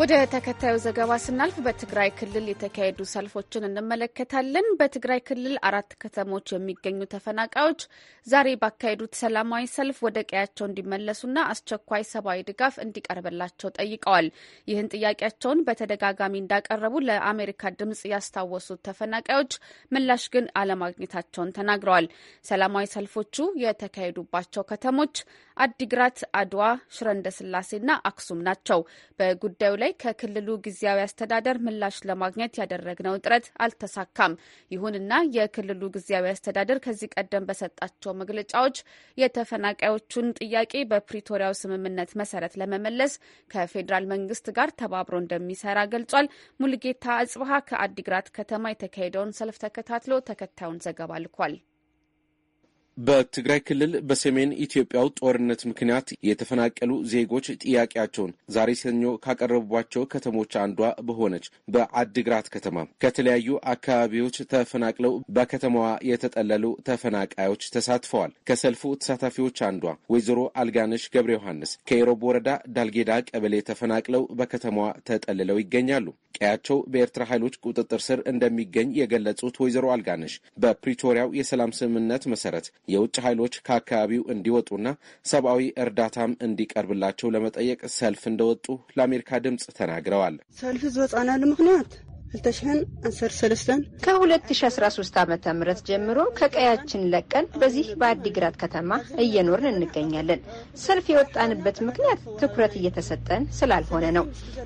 ወደ ተከታዩ ዘገባ ስናልፍ በትግራይ ክልል የተካሄዱ ሰልፎችን እንመለከታለን። በትግራይ ክልል አራት ከተሞች የሚገኙ ተፈናቃዮች ዛሬ ባካሄዱት ሰላማዊ ሰልፍ ወደ ቀያቸው እንዲመለሱና አስቸኳይ ሰብአዊ ድጋፍ እንዲቀርብላቸው ጠይቀዋል። ይህን ጥያቄያቸውን በተደጋጋሚ እንዳቀረቡ ለአሜሪካ ድምጽ ያስታወሱት ተፈናቃዮች ምላሽ ግን አለማግኘታቸውን ተናግረዋል። ሰላማዊ ሰልፎቹ የተካሄዱባቸው ከተሞች አዲግራት፣ አድዋ፣ ሽረንደስላሴና አክሱም ናቸው። በጉዳዩ ላይ ከክልሉ ጊዜያዊ አስተዳደር ምላሽ ለማግኘት ያደረግነው ጥረት አልተሳካም። ይሁንና የክልሉ ጊዜያዊ አስተዳደር ከዚህ ቀደም በሰጣቸው መግለጫዎች የተፈናቃዮቹን ጥያቄ በፕሪቶሪያው ስምምነት መሰረት ለመመለስ ከፌዴራል መንግስት ጋር ተባብሮ እንደሚሰራ ገልጿል። ሙልጌታ አጽብሃ ከአዲግራት ከተማ የተካሄደውን ሰልፍ ተከታትሎ ተከታዩን ዘገባ ልኳል። በትግራይ ክልል በሰሜን ኢትዮጵያው ጦርነት ምክንያት የተፈናቀሉ ዜጎች ጥያቄያቸውን ዛሬ ሰኞ ካቀረቡባቸው ከተሞች አንዷ በሆነች በአድግራት ከተማ ከተለያዩ አካባቢዎች ተፈናቅለው በከተማዋ የተጠለሉ ተፈናቃዮች ተሳትፈዋል። ከሰልፉ ተሳታፊዎች አንዷ ወይዘሮ አልጋነሽ ገብረ ዮሐንስ ከኢሮብ ወረዳ ዳልጌዳ ቀበሌ ተፈናቅለው በከተማዋ ተጠልለው ይገኛሉ። ቀያቸው በኤርትራ ኃይሎች ቁጥጥር ስር እንደሚገኝ የገለጹት ወይዘሮ አልጋነሽ በፕሪቶሪያው የሰላም ስምምነት መሰረት የውጭ ኃይሎች ከአካባቢው እንዲወጡና ሰብአዊ እርዳታም እንዲቀርብላቸው ለመጠየቅ ሰልፍ እንደወጡ ለአሜሪካ ድምፅ ተናግረዋል። ሰልፍ ዝወፃናሉ ምክንያት 2013 ከ2013 ዓ ም ጀምሮ ከቀያችን ለቀን በዚህ በአዲግራት ከተማ እየኖርን እንገኛለን። ሰልፍ የወጣንበት ምክንያት ትኩረት እየተሰጠን ስላልሆነ ነው።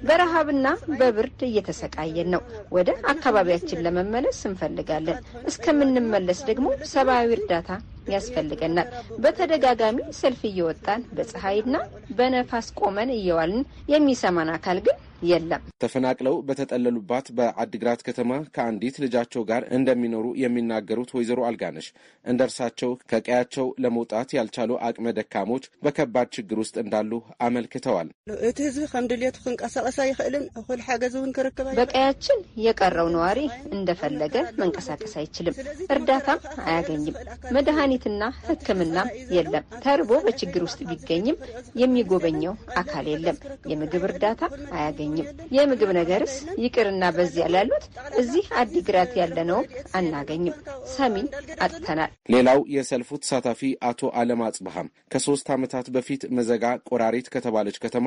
በረሃብና በብርድ እየተሰቃየን ነው። ወደ አካባቢያችን ለመመለስ እንፈልጋለን። እስከምንመለስ ደግሞ ሰብአዊ እርዳታ ያስፈልገናል። በተደጋጋሚ ሰልፍ እየወጣን በፀሐይና በነፋስ ቆመን እየዋልን የሚሰማን አካል ግን የለም። ተፈናቅለው በተጠለሉባት በአድግራት ከተማ ከአንዲት ልጃቸው ጋር እንደሚኖሩ የሚናገሩት ወይዘሮ አልጋነሽ እንደ እርሳቸው ከቀያቸው ለመውጣት ያልቻሉ አቅመ ደካሞች በከባድ ችግር ውስጥ እንዳሉ አመልክተዋል። እቲ ህዝቢ ከም ድሌቱ ክንቀሳቀስ አይክእልን እኩል ሓገዝ እውን ክርከብ በቀያችን የቀረው ነዋሪ እንደፈለገ መንቀሳቀስ አይችልም። እርዳታም አያገኝም። መድኃኒትና ሕክምናም የለም። ተርቦ በችግር ውስጥ ቢገኝም የሚጎበኘው አካል የለም። የምግብ እርዳታ አያገኝም። አናገኝም። የምግብ ነገርስ ይቅርና በዚያ ላሉት እዚህ አዲግራት ያለነውም አናገኝም። ሰሚን አጥተናል። ሌላው የሰልፉ ተሳታፊ አቶ አለም አጽብሃም ከሶስት ዓመታት በፊት መዘጋ ቆራሪት ከተባለች ከተማ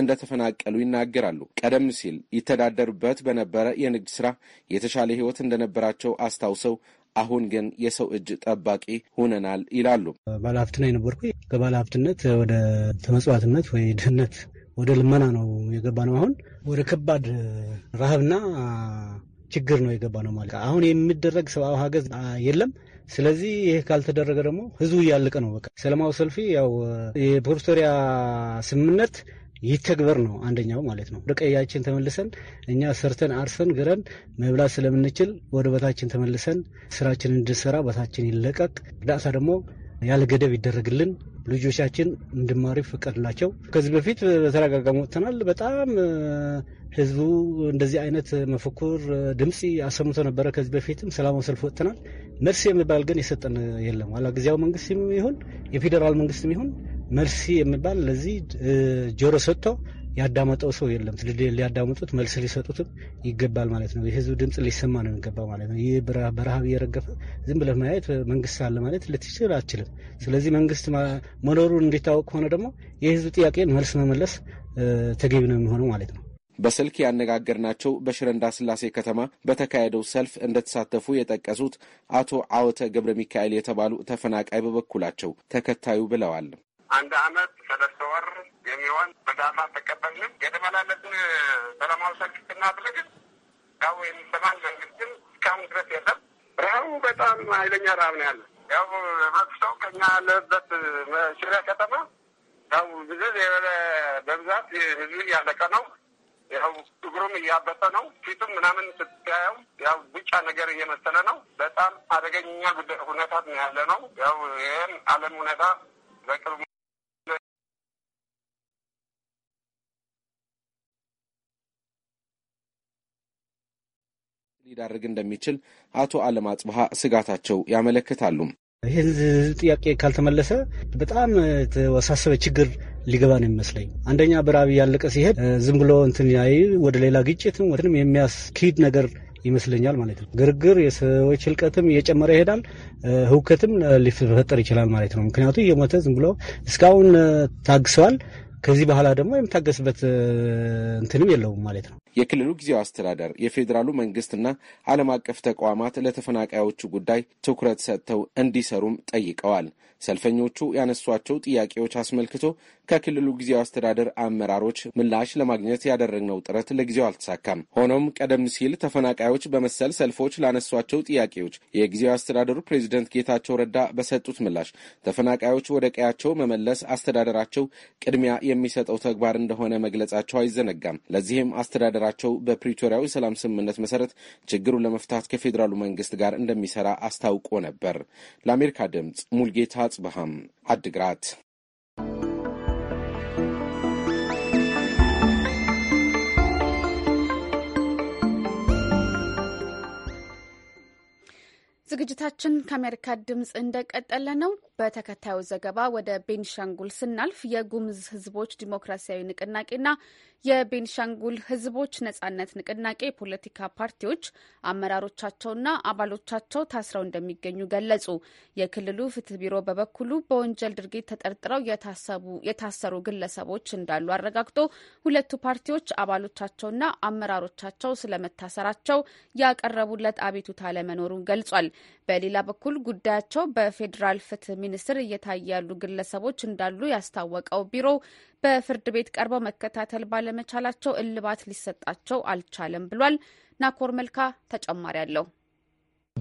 እንደተፈናቀሉ ይናገራሉ። ቀደም ሲል ይተዳደሩበት በነበረ የንግድ ስራ የተሻለ ህይወት እንደነበራቸው አስታውሰው አሁን ግን የሰው እጅ ጠባቂ ሆነናል ይላሉ። ባለሀብት ነው የነበርኩ ከባለሀብትነት ወደ ተመጽዋትነት ወይ ድህነት ወደ ልመና ነው የገባ ነው። አሁን ወደ ከባድ ረሃብና ችግር ነው የገባ ነው ማለት አሁን የሚደረግ ሰብአዊ ሀገዝ የለም። ስለዚህ ይህ ካልተደረገ ደግሞ ህዝቡ እያለቀ ነው። በቃ ሰላማዊ ሰልፊ ያው የፕሪቶሪያ ስምምነት ይተግበር ነው አንደኛው ማለት ነው። ወደ ቀያችን ተመልሰን እኛ ሰርተን አርሰን ግረን መብላት ስለምንችል ወደ በታችን ተመልሰን ስራችን እንድንሰራ በታችን ይለቀቅ። ዳሳ ደግሞ ያለ ገደብ ይደረግልን፣ ልጆቻችን እንድማሪ ፍቀድላቸው። ከዚህ በፊት በተደጋጋሚ ወጥተናል። በጣም ህዝቡ እንደዚህ አይነት መፈክር ድምፅ አሰምቶ ነበረ። ከዚህ በፊትም ሰላማዊ ሰልፍ ወጥተናል። መልስ የሚባል ግን የሰጠን የለም። ኋላ ጊዜያዊ ይሁን የፌዴራል መንግስትም ይሁን መልስ የሚባል ለዚህ ጆሮ ሰጥቶ ያዳመጠው ሰው የለም። ሊያዳምጡት መልስ ሊሰጡትም ይገባል ማለት ነው። የህዝብ ድምፅ ሊሰማ ነው የሚገባ ማለት ነው። ይህ በረሃብ እየረገፈ ዝም ብለህ ማየት መንግስት አለ ማለት ልትችል አትችልም። ስለዚህ መንግስት መኖሩን እንዲታወቅ ከሆነ ደግሞ የህዝብ ጥያቄን መልስ መመለስ ተገቢ ነው የሚሆነው ማለት ነው። በስልክ ያነጋገርናቸው በሽረ እንዳስላሴ ከተማ በተካሄደው ሰልፍ እንደተሳተፉ የጠቀሱት አቶ አወተ ገብረ ሚካኤል የተባሉ ተፈናቃይ በበኩላቸው ተከታዩ ብለዋል። አንድ አመት ሰለስተ ወር የሚሆን በዳማ ተቀበልንም የተመላለስን ሰላማዊ ሰልፍ ስናደርግን ያው የሚሰማን መንግስት ግን እስካሁን ድረስ የለም። ረሃቡ በጣም ኃይለኛ ረሃብ ነው ያለ። ያው ህብረተሰቡ ከኛ ያለበት ሽሪያ ከተማ ያው ብዙ የበለ በብዛት ህዝቡ እያለቀ ነው። ያው እግሩም እያበጠ ነው። ፊቱም ምናምን ስትያየው ያው ቡጫ ነገር እየመሰለ ነው። በጣም አደገኛ ሁኔታ ያለ ነው። ያው ይህን አለም ሁኔታ በቅርቡ ሊዳርግ እንደሚችል አቶ አለም አጽብሃ ስጋታቸው ያመለክታሉ። ይህን ጥያቄ ካልተመለሰ በጣም ተወሳሰበ ችግር ሊገባ ነው የሚመስለኝ። አንደኛ በራብ ያለቀ ሲሄድ ዝም ብሎ እንትን ያይ ወደ ሌላ ግጭትም ወትንም የሚያስኪድ ነገር ይመስለኛል ማለት ነው። ግርግር፣ የሰዎች ህልቀትም እየጨመረ ይሄዳል። ህውከትም ሊፈጠር ይችላል ማለት ነው። ምክንያቱም እየሞተ ዝም ብሎ እስካሁን ታግሰዋል። ከዚህ በኋላ ደግሞ የምታገስበት እንትንም የለውም ማለት ነው። የክልሉ ጊዜያዊ አስተዳደር የፌዴራሉ መንግስትና ዓለም አቀፍ ተቋማት ለተፈናቃዮቹ ጉዳይ ትኩረት ሰጥተው እንዲሰሩም ጠይቀዋል። ሰልፈኞቹ ያነሷቸው ጥያቄዎች አስመልክቶ ከክልሉ ጊዜያዊ አስተዳደር አመራሮች ምላሽ ለማግኘት ያደረግነው ጥረት ለጊዜው አልተሳካም። ሆኖም ቀደም ሲል ተፈናቃዮች በመሰል ሰልፎች ላነሷቸው ጥያቄዎች የጊዜያዊ አስተዳደሩ ፕሬዚደንት ጌታቸው ረዳ በሰጡት ምላሽ ተፈናቃዮች ወደ ቀያቸው መመለስ አስተዳደራቸው ቅድሚያ የሚሰጠው ተግባር እንደሆነ መግለጻቸው አይዘነጋም። ለዚህም አስተዳደራቸው በፕሪቶሪያው የሰላም ስምምነት መሰረት ችግሩን ለመፍታት ከፌዴራሉ መንግስት ጋር እንደሚሰራ አስታውቆ ነበር። ለአሜሪካ ድምጽ ሙልጌታ አጽበሃም ዓዲግራት ዝግጅታችን ከአሜሪካ ድምፅ እንደቀጠለ ነው። በተከታዩ ዘገባ ወደ ቤንሻንጉል ስናልፍ የጉምዝ ህዝቦች ዲሞክራሲያዊ ንቅናቄና የቤንሻንጉል ህዝቦች ነጻነት ንቅናቄ የፖለቲካ ፓርቲዎች አመራሮቻቸውና አባሎቻቸው ታስረው እንደሚገኙ ገለጹ። የክልሉ ፍትህ ቢሮ በበኩሉ በወንጀል ድርጊት ተጠርጥረው የታሰሩ ግለሰቦች እንዳሉ አረጋግጦ ሁለቱ ፓርቲዎች አባሎቻቸውና አመራሮቻቸው ስለመታሰራቸው ያቀረቡለት አቤቱታ አለመኖሩን ገልጿል። በሌላ በኩል ጉዳያቸው በፌዴራል ፍትህ ሚኒስትር እየታየ ያሉ ግለሰቦች እንዳሉ ያስታወቀው ቢሮ በፍርድ ቤት ቀርበው መከታተል ባለመቻላቸው እልባት ሊሰጣቸው አልቻለም ብሏል። ናኮር መልካ ተጨማሪ አለው።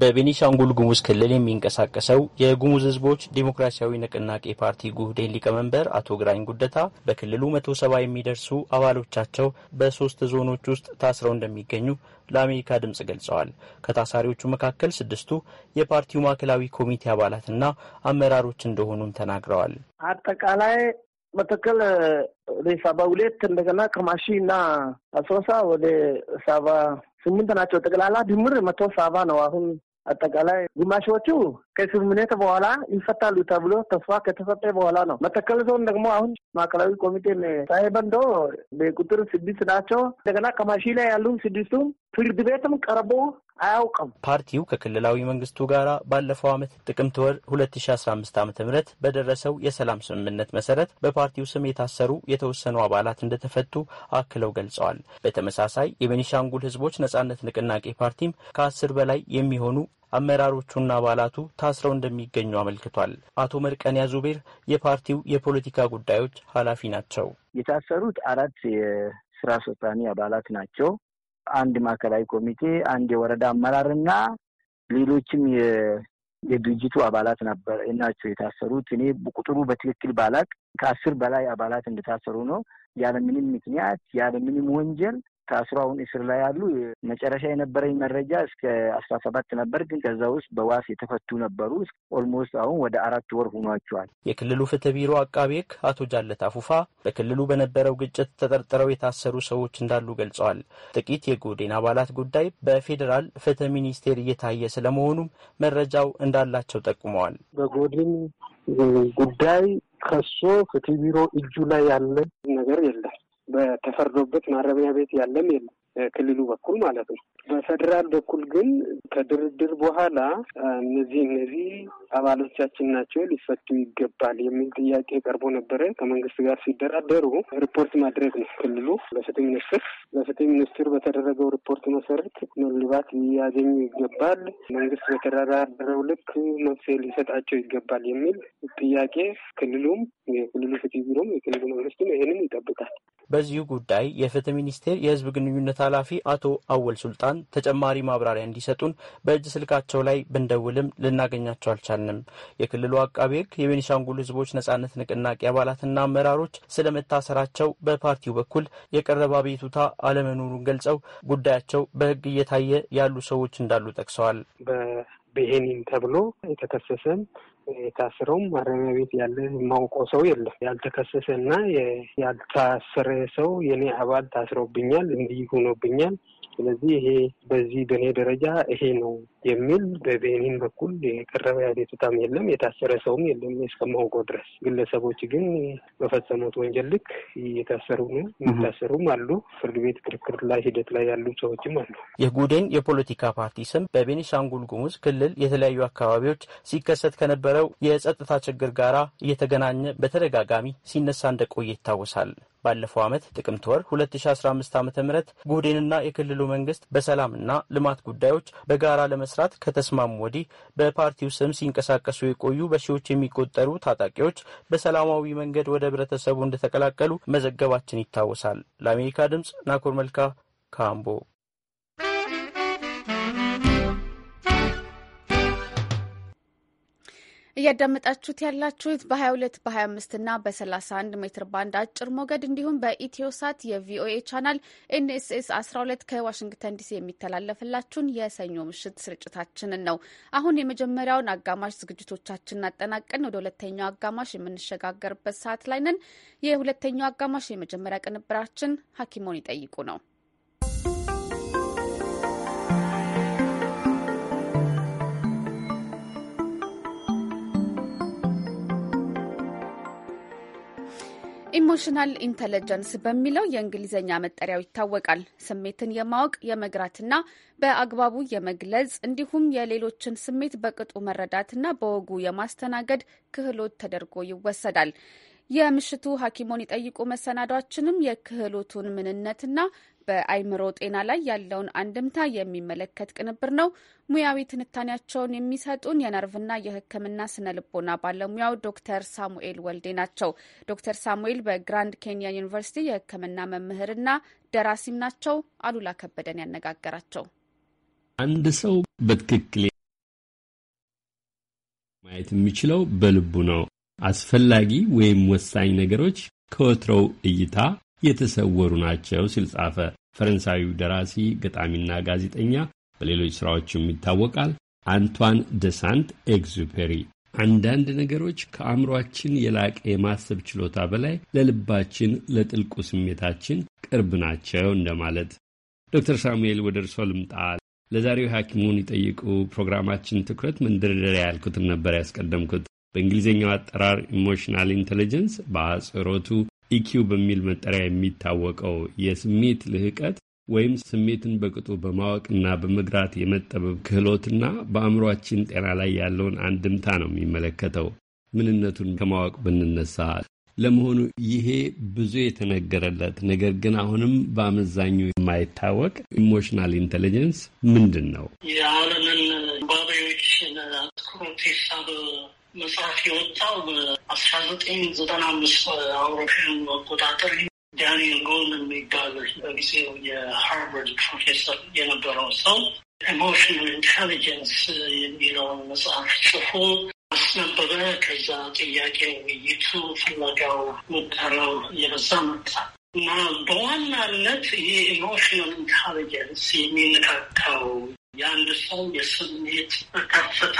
በቤኒሻንጉል ጉሙዝ ክልል የሚንቀሳቀሰው የጉሙዝ ህዝቦች ዴሞክራሲያዊ ንቅናቄ ፓርቲ ጉህዴን ሊቀመንበር አቶ ግራኝ ጉደታ በክልሉ መቶ ሰባ የሚደርሱ አባሎቻቸው በሶስት ዞኖች ውስጥ ታስረው እንደሚገኙ ለአሜሪካ ድምጽ ገልጸዋል። ከታሳሪዎቹ መካከል ስድስቱ የፓርቲው ማዕከላዊ ኮሚቴ አባላትና አመራሮች እንደሆኑም ተናግረዋል። አጠቃላይ መተከል ወደ ሰባ ሁለት እንደገና ከማሺ እና አሶሳ ወደ ሰባ ስምንት ናቸው ጠቅላላ ድምር መቶ ሰባ ነው አሁን አጠቃላይ ግማሾቹ ከስምምነት በኋላ ይፈታሉ ተብሎ ተስፋ ከተሰጠ በኋላ ነው። መተከል ዞን ደግሞ አሁን ማዕከላዊ ኮሚቴን ሳይበንዶ በቁጥር ስድስት ናቸው። እንደገና ከማሺ ላይ ያሉ ስድስቱም ፍርድ ቤትም ቀርቦ አያውቅም። ፓርቲው ከክልላዊ መንግስቱ ጋር ባለፈው ዓመት ጥቅምት ወር 2015 ዓ ም በደረሰው የሰላም ስምምነት መሰረት በፓርቲው ስም የታሰሩ የተወሰኑ አባላት እንደተፈቱ አክለው ገልጸዋል። በተመሳሳይ የቤኒሻንጉል ህዝቦች ነጻነት ንቅናቄ ፓርቲም ከአስር በላይ የሚሆኑ አመራሮቹና አባላቱ ታስረው እንደሚገኙ አመልክቷል። አቶ መርቀንያ ዙቤር የፓርቲው የፖለቲካ ጉዳዮች ኃላፊ ናቸው። የታሰሩት አራት የስራ አስፈጻሚ አባላት ናቸው። አንድ ማዕከላዊ ኮሚቴ፣ አንድ የወረዳ አመራር እና ሌሎችም የድርጅቱ አባላት ነበር ናቸው የታሰሩት። እኔ ቁጥሩ በትክክል ባላቅ ከአስር በላይ አባላት እንደታሰሩ ነው። ያለምንም ምክንያት ያለምንም ወንጀል ታስሮ አሁን እስር ላይ ያሉ መጨረሻ የነበረኝ መረጃ እስከ አስራ ሰባት ነበር፣ ግን ከዛ ውስጥ በዋስ የተፈቱ ነበሩ። ኦልሞስት አሁን ወደ አራት ወር ሆኗቸዋል። የክልሉ ፍትህ ቢሮ አቃቤ ሕግ አቶ ጃለት አፉፋ በክልሉ በነበረው ግጭት ተጠርጥረው የታሰሩ ሰዎች እንዳሉ ገልጸዋል። ጥቂት የጎዴን አባላት ጉዳይ በፌዴራል ፍትህ ሚኒስቴር እየታየ ስለመሆኑም መረጃው እንዳላቸው ጠቁመዋል። በጎዴን ጉዳይ ከሶ ፍትህ ቢሮ እጁ ላይ ያለ ነገር የለም። በተፈርዶበት ማረሚያ ቤት ያለም የለም። ክልሉ በኩል ማለት ነው። በፌዴራል በኩል ግን ከድርድር በኋላ እነዚህ እነዚህ አባሎቻችን ናቸው ሊፈቱ ይገባል የሚል ጥያቄ ቀርቦ ነበረ። ከመንግስት ጋር ሲደራደሩ ሪፖርት ማድረግ ነው ክልሉ በፍትህ ሚኒስትር። በፍትህ ሚኒስትር በተደረገው ሪፖርት መሰረት መልባት ሊያገኙ ይገባል፣ መንግስት በተደራደረው ልክ መፍትሄ ሊሰጣቸው ይገባል የሚል ጥያቄ ክልሉም የክልሉ ፍትህ ቢሮም የክልሉ መንግስትም ይህንን ይጠብቃል። በዚሁ ጉዳይ የፍትህ ሚኒስቴር የህዝብ ግንኙነት ኃላፊ አቶ አወል ሱልጣን ተጨማሪ ማብራሪያ እንዲሰጡን በእጅ ስልካቸው ላይ ብንደውልም ልናገኛቸው አልቻልንም። የክልሉ አቃቤ ሕግ የቤኒሻንጉል ሕዝቦች ነጻነት ንቅናቄ አባላትና አመራሮች ስለመታሰራቸው በፓርቲው በኩል የቀረበ አቤቱታ አለመኖሩን ገልጸው ጉዳያቸው በሕግ እየታየ ያሉ ሰዎች እንዳሉ ጠቅሰዋል። በብሄኒን ተብሎ የተከሰሰን የታሰረውም ማረሚያ ቤት ያለ የማውቆ ሰው የለም። ያልተከሰሰ እና ያልታሰረ ሰው የኔ አባል ታስሮብኛል እንዲህ ሆኖብኛል ስለዚህ ይሄ በዚህ በእኔ ደረጃ ይሄ ነው የሚል በቤኒን በኩል የቀረበ አቤቱታም የለም። የታሰረ ሰውም የለም እስከማውቀው ድረስ። ግለሰቦች ግን በፈጸሙት ወንጀል ልክ እየታሰሩ ነው። የሚታሰሩም አሉ። ፍርድ ቤት ክርክር ላይ ሂደት ላይ ያሉ ሰዎችም አሉ። የጉዴን የፖለቲካ ፓርቲ ስም በቤኒሻንጉል ጉሙዝ ክልል የተለያዩ አካባቢዎች ሲከሰት ከነበረው የጸጥታ ችግር ጋራ እየተገናኘ በተደጋጋሚ ሲነሳ እንደቆየ ይታወሳል። ባለፈው ዓመት ጥቅምት ወር 2015 ዓ ም ብሁዴንና የክልሉ መንግስት በሰላምና ልማት ጉዳዮች በጋራ ለመስራት ከተስማሙ ወዲህ በፓርቲው ስም ሲንቀሳቀሱ የቆዩ በሺዎች የሚቆጠሩ ታጣቂዎች በሰላማዊ መንገድ ወደ ህብረተሰቡ እንደተቀላቀሉ መዘገባችን ይታወሳል። ለአሜሪካ ድምፅ ናኮር መልካ ካምቦ እያዳመጣችሁት ያላችሁት በ22 በ25 እና በ31 ሜትር ባንድ አጭር ሞገድ እንዲሁም በኢትዮሳት የቪኦኤ ቻናል ኤንኤስኤስ 12 ከዋሽንግተን ዲሲ የሚተላለፍላችሁን የሰኞ ምሽት ስርጭታችንን ነው። አሁን የመጀመሪያውን አጋማሽ ዝግጅቶቻችንን አጠናቀን ወደ ሁለተኛው አጋማሽ የምንሸጋገርበት ሰዓት ላይ ነን። የሁለተኛው አጋማሽ የመጀመሪያ ቅንብራችን ሐኪሞን ይጠይቁ ነው። ኢሞሽናል ኢንተለጀንስ በሚለው የእንግሊዝኛ መጠሪያው ይታወቃል። ስሜትን የማወቅ የመግራትና በአግባቡ የመግለጽ እንዲሁም የሌሎችን ስሜት በቅጡ መረዳትና በወጉ የማስተናገድ ክህሎት ተደርጎ ይወሰዳል። የምሽቱ ሐኪሞን ይጠይቁ መሰናዷችንም የክህሎቱን ምንነትና በአይምሮ ጤና ላይ ያለውን አንድምታ የሚመለከት ቅንብር ነው። ሙያዊ ትንታኔያቸውን የሚሰጡን የነርቭና የሕክምና ስነ ልቦና ባለሙያው ዶክተር ሳሙኤል ወልዴ ናቸው። ዶክተር ሳሙኤል በግራንድ ኬንያ ዩኒቨርሲቲ የሕክምና መምህርና ደራሲም ናቸው። አሉላ ከበደን ያነጋገራቸው አንድ ሰው በትክክል ማየት የሚችለው በልቡ ነው። አስፈላጊ ወይም ወሳኝ ነገሮች ከወትሮው እይታ የተሰወሩ ናቸው ሲል ጻፈ። ፈረንሳዊው ደራሲ ገጣሚና ጋዜጠኛ በሌሎች ሥራዎቹም ይታወቃል። አንቷን ደ ሳንት ኤግዚፔሪ አንዳንድ ነገሮች ከአእምሯችን የላቀ የማሰብ ችሎታ በላይ ለልባችን፣ ለጥልቁ ስሜታችን ቅርብ ናቸው እንደማለት። ዶክተር ሳሙኤል ወደ እርሶ ልምጣ። ለዛሬው ሐኪሙን ይጠይቁ ፕሮግራማችን ትኩረት መንደርደሪያ ያልኩትን ነበር ያስቀደምኩት። በእንግሊዝኛው አጠራር ኢሞሽናል ኢንቴሊጀንስ በአጽሮቱ ኢኪው በሚል መጠሪያ የሚታወቀው የስሜት ልህቀት ወይም ስሜትን በቅጡ በማወቅና በመግራት የመጠበብ ክህሎትና በአእምሯችን ጤና ላይ ያለውን አንድምታ ነው የሚመለከተው። ምንነቱን ከማወቅ ብንነሳ ለመሆኑ ይሄ ብዙ የተነገረለት ነገር ግን አሁንም በአመዛኙ የማይታወቅ ኢሞሽናል ኢንቴሊጀንስ ምንድን ነው? የዓለምን ባቢዎች ትኩረት የሳበ መጽሐፍ የወጣው አስራ ዘጠኝ ዘጠና አምስት አውሮፓውያን አቆጣጠር ዳንኤል ጎን የሚባል በጊዜው የሃርቨርድ ፕሮፌሰር የነበረው ሰው ኢሞሽናል ኢንቴሊጀንስ የሚለውን መጽሐፍ ጽፎ አስነበበ። ከዛ ጥያቄው፣ ውይይቱ፣ ፍለጋው፣ ሙከራው የበዛ መጣ እና በዋናነት ይህ ኢሞሽናል ኢንቴሊጀንስ የሚነካካው የአንድ ሰው የስሜት ከፍታ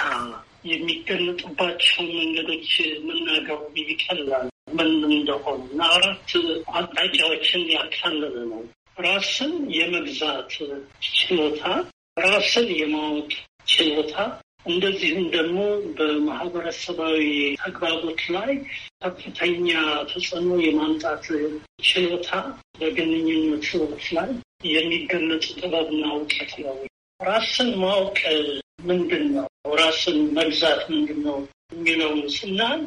የሚገለጥባቸው መንገዶች መናገሩ ይቀላል ምን እንደሆኑ እና አራት አቅጣጫዎችን ያካለለ ነው። ራስን የመግዛት ችሎታ፣ ራስን የማወቅ ችሎታ እንደዚህም ደግሞ በማህበረሰባዊ ተግባቦት ላይ ከፍተኛ ተጽዕኖ የማምጣት ችሎታ በግንኙነቶች ላይ የሚገለጽ ጥበብና እውቀት ነው። ራስን ማወቅ ምንድን ነው ራስን መግዛት ምንድን ነው የሚለውን ስናል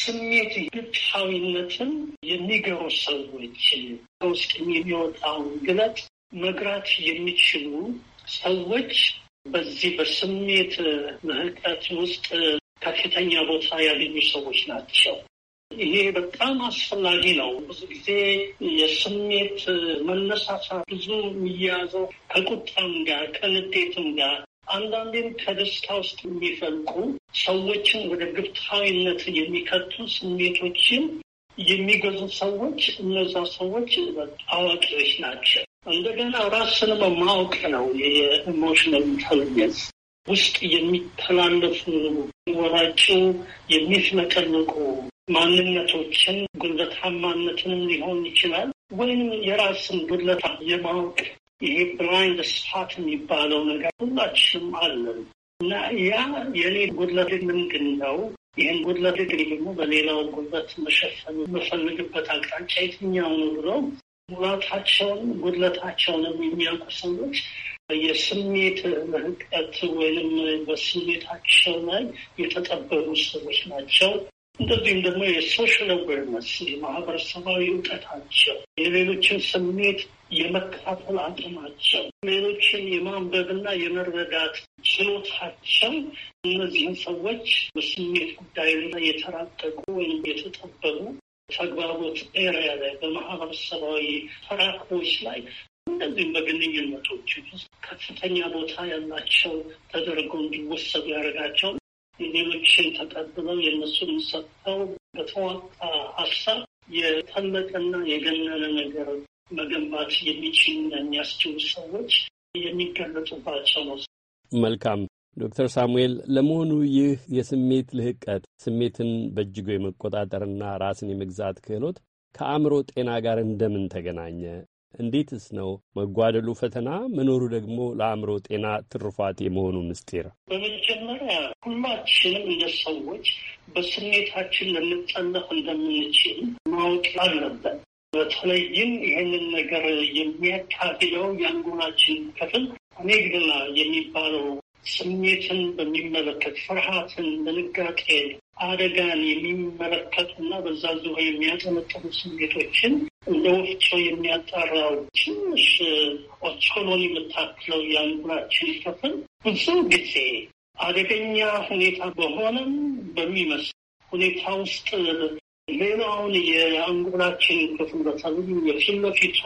ስሜት ግብታዊነትን የሚገሩ ሰዎች ከውስጥ የሚወጣውን ግለት መግራት የሚችሉ ሰዎች በዚህ በስሜት ምህቀት ውስጥ ከፍተኛ ቦታ ያገኙ ሰዎች ናቸው። ይሄ በጣም አስፈላጊ ነው። ብዙ ጊዜ የስሜት መነሳሳት ብዙ የሚያዘው ከቁጣም ጋር ከንዴትም ጋር አንዳንዴም ከደስታ ውስጥ የሚፈልቁ ሰዎችን ወደ ግብታዊነት የሚከቱ ስሜቶችን የሚገዙ ሰዎች እነዛ ሰዎች አዋቂዎች ናቸው። እንደገና ራስን ማወቅ ነው የኢሞሽናል ኢንተልጀንስ ውስጥ የሚተላለፉ ወራጩ የሚፍነቀንቁ ማንነቶችን ጉልበታማነትንም ሊሆን ይችላል ወይም የራስን ጉድለት የማወቅ ይህ ብላይንድ ስፓት የሚባለው ነገር ሁላችንም አለን እና ያ የኔ ጉድለት ምንድን ነው? ይህን ጉድለት ግን ደግሞ በሌላው ጉድለት መሸፈን የምፈልግበት አቅጣጫ የትኛው ነው ብሎ ሙላታቸውን ጉድለታቸውንም የሚያውቁ ሰዎች የስሜት ልህቀት ወይም በስሜታቸው ላይ የተጠበቡ ሰዎች ናቸው። እንደዚህም ደግሞ የሶሻል አዌርነስ የማህበረሰባዊ እውቀታቸው፣ የሌሎችን ስሜት የመከታተል አቅማቸው፣ ሌሎችን የማንበብና የመረዳት ችሎታቸው እነዚህን ሰዎች በስሜት ጉዳይ ጉዳይና የተራቀቁ ወይም የተጠበቁ ተግባቦት ኤሪያ ላይ በማህበረሰባዊ ተራክቦች ላይ እንደዚህም በግንኙነቶች ከፍተኛ ቦታ ያላቸው ተደርገው እንዲወሰዱ ያደርጋቸው ሌሎችን ተቀብለው የእነሱን ሰጥተው በተዋጣ ሀሳብ የጠለቀና የገነነ ነገር መገንባት የሚችሉ የሚያስችሉ ሰዎች የሚገለጡባቸው ነው። መልካም ዶክተር ሳሙኤል ለመሆኑ ይህ የስሜት ልህቀት ስሜትን በእጅጉ የመቆጣጠርና ራስን የመግዛት ክህሎት ከአእምሮ ጤና ጋር እንደምን ተገናኘ? እንዴትስ ነው መጓደሉ ፈተና መኖሩ ደግሞ ለአእምሮ ጤና ትሩፋት የመሆኑ ምስጢር? በመጀመሪያ ሁላችንም እንደ ሰዎች በስሜታችን ልንጠለፍ እንደምንችል ማወቅ አለብን። በተለይም ይህንን ነገር የሚያካሂደው የአንጎላችን ክፍል አሜግዳላ የሚባለው ስሜትን በሚመለከት ፍርሃትን፣ ድንጋጤን፣ አደጋን የሚመለከቱና በዛ ዙሪያ የሚያጠነጥኑ ስሜቶችን እንደ የሚያጠራው ትንሽ ኦቾሎ የምታክለው የአንጉራችን ክፍል ብዙ ጊዜ አደገኛ ሁኔታ በሆነም በሚመስል ሁኔታ ውስጥ ሌላውን የአንጉራችን ክፍል በተለዩ የፊት ለፊቱ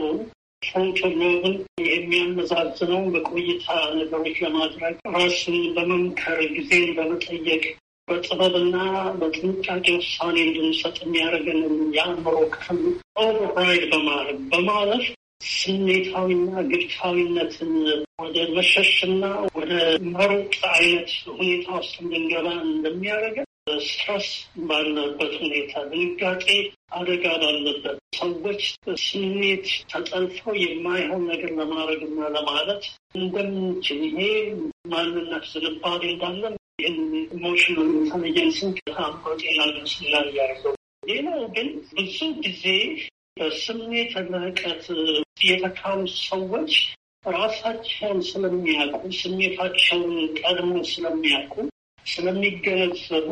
ፎንቶሎብን የሚያመዛዝነው በቆይታ ነገሮች ለማድረግ ራስን በመምከር ጊዜን በመጠየቅ በጥበብና በጥንቃቄ ውሳኔ እንድንሰጥ የሚያደርገን የአእምሮ ክፍል ኦቨርራይድ በማድረግ በማለፍ ስሜታዊና ግብታዊነትን ወደ መሸሽና ወደ መሮጥ አይነት ሁኔታ ውስጥ እንድንገባ እንደሚያደርገን ስትረስ ባለበት ሁኔታ ድንጋጤ አደጋ ባለበት ሰዎች ስሜት ተጠልፈው የማይሆን ነገር ለማድረግና ለማለት እንደምንችል ይሄ ማንነት ዝንባሌ እንዳለን ኢሞሽናል ኢንቴሊጀንስን በጣም ጤና ስላ ያደርገው። ሌላው ግን ብዙ ጊዜ በስሜት ርቀት የተካሉ ሰዎች ራሳቸውን ስለሚያውቁ ስሜታቸውን ቀድሞ ስለሚያውቁ ስለሚገነዘቡ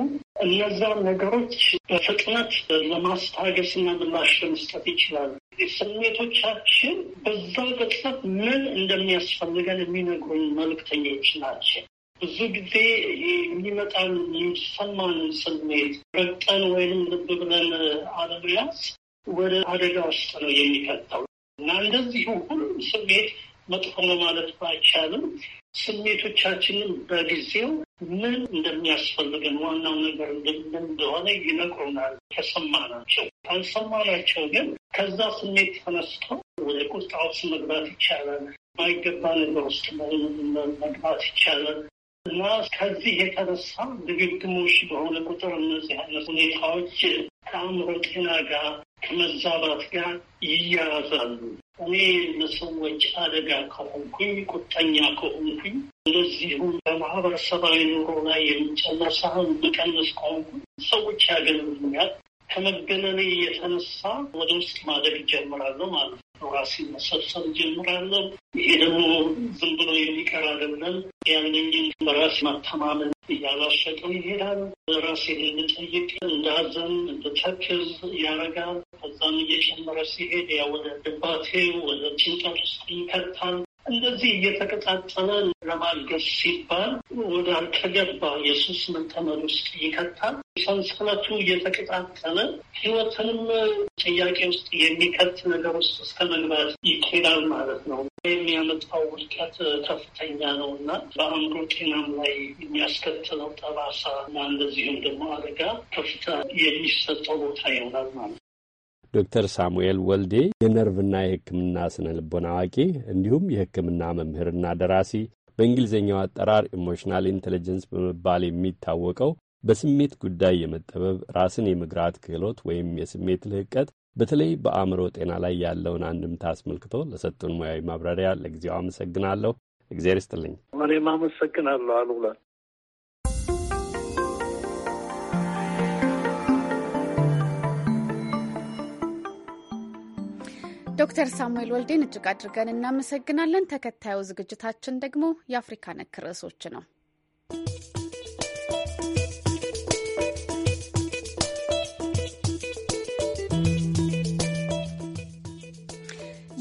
እነዛ ነገሮች በፍጥነት ለማስታገስ እና ምላሽ ለመስጠት ይችላሉ። ስሜቶቻችን በዛ ቅጽበት ምን እንደሚያስፈልገን የሚነግሩን መልእክተኞች ናቸው። ብዙ ጊዜ የሚመጣን የሚሰማን ስሜት ረግጠን ወይም ልብ ብለን አለመያዝ ወደ አደጋ ውስጥ ነው የሚከተው እና እንደዚሁ ሁሉም ስሜት መጥፎ ነው ማለት ባይቻልም ስሜቶቻችንን በጊዜው ምን እንደሚያስፈልገን ዋናው ነገር እንደሆነ ይነግሩናል ከሰማናቸው። ካልሰማናቸው ግን ከዛ ስሜት ተነስቶ ወደ ቁጣ ውስጥ መግባት ይቻላል። ማይገባ ነገር ውስጥ መግባት ይቻላል። እና ከዚህ የተነሳ ድግግሞሽ በሆነ ቁጥር እነዚህ አይነት ሁኔታዎች ከአእምሮ ጤና ጋር ከመዛባት ጋር ይያያዛሉ። እኔ ለሰዎች አደጋ ከሆንኩኝ፣ ቁጠኛ ከሆንኩኝ፣ እንደዚሁም በማህበረሰባዊ ኑሮ ላይ የሚጨመር ሳህን ብቀንስ ከሆንኩኝ ሰዎች ያገሉኛል፣ ከመገለል እየተነሳ ወደ ውስጥ ማደግ ይጀምራሉ ማለት ነው። ራሴን መሰብሰብ ይጀምራለን። ይሄ ደግሞ ዝም ብሎ የሚቀር አይደለም። ያለኝን በራሴ መተማመን እያላሸጠው ይሄዳል። ራሴን ልንጠይቅ እንዳዘን እንድተክዝ ያደርጋል። ከዛም እየጨመረ ሲሄድ ያ ወደ ድባቴ ወደ ጭንቀት ውስጥ ይከታል። እንደዚህ እየተቀጣጠለ ለማገዝ ሲባል ወደ አልተገባ የሱስ መጠመድ ውስጥ ይከታል። ሰንሰለቱ እየተቀጣጠለ ህይወትንም ጥያቄ ውስጥ የሚከት ነገር ውስጥ እስከ መግባት ይኬዳል ማለት ነው። የሚያመጣው ውድቀት ከፍተኛ ነው እና በአእምሮ ጤናም ላይ የሚያስከትለው ጠባሳ እና እንደዚህም ደግሞ አደጋ ከፍታ የሚሰጠው ቦታ ይሆናል ማለት ነው። ዶክተር ሳሙኤል ወልዴ የነርቭና የሕክምና ስነ ልቦና አዋቂ እንዲሁም የሕክምና መምህርና ደራሲ በእንግሊዝኛው አጠራር ኢሞሽናል ኢንቴሊጀንስ በመባል የሚታወቀው በስሜት ጉዳይ የመጠበብ ራስን የመግራት ክህሎት ወይም የስሜት ልህቀት በተለይ በአእምሮ ጤና ላይ ያለውን አንድምታ አስመልክቶ ለሰጡን ሙያዊ ማብራሪያ ለጊዜው አመሰግናለሁ። እግዜር ይስጥልኝ። እኔም አመሰግናለሁ አሉላ። ዶክተር ሳሙኤል ወልዴን እጅግ አድርገን እናመሰግናለን። ተከታዩ ዝግጅታችን ደግሞ የአፍሪካ ነክ ርዕሶች ነው።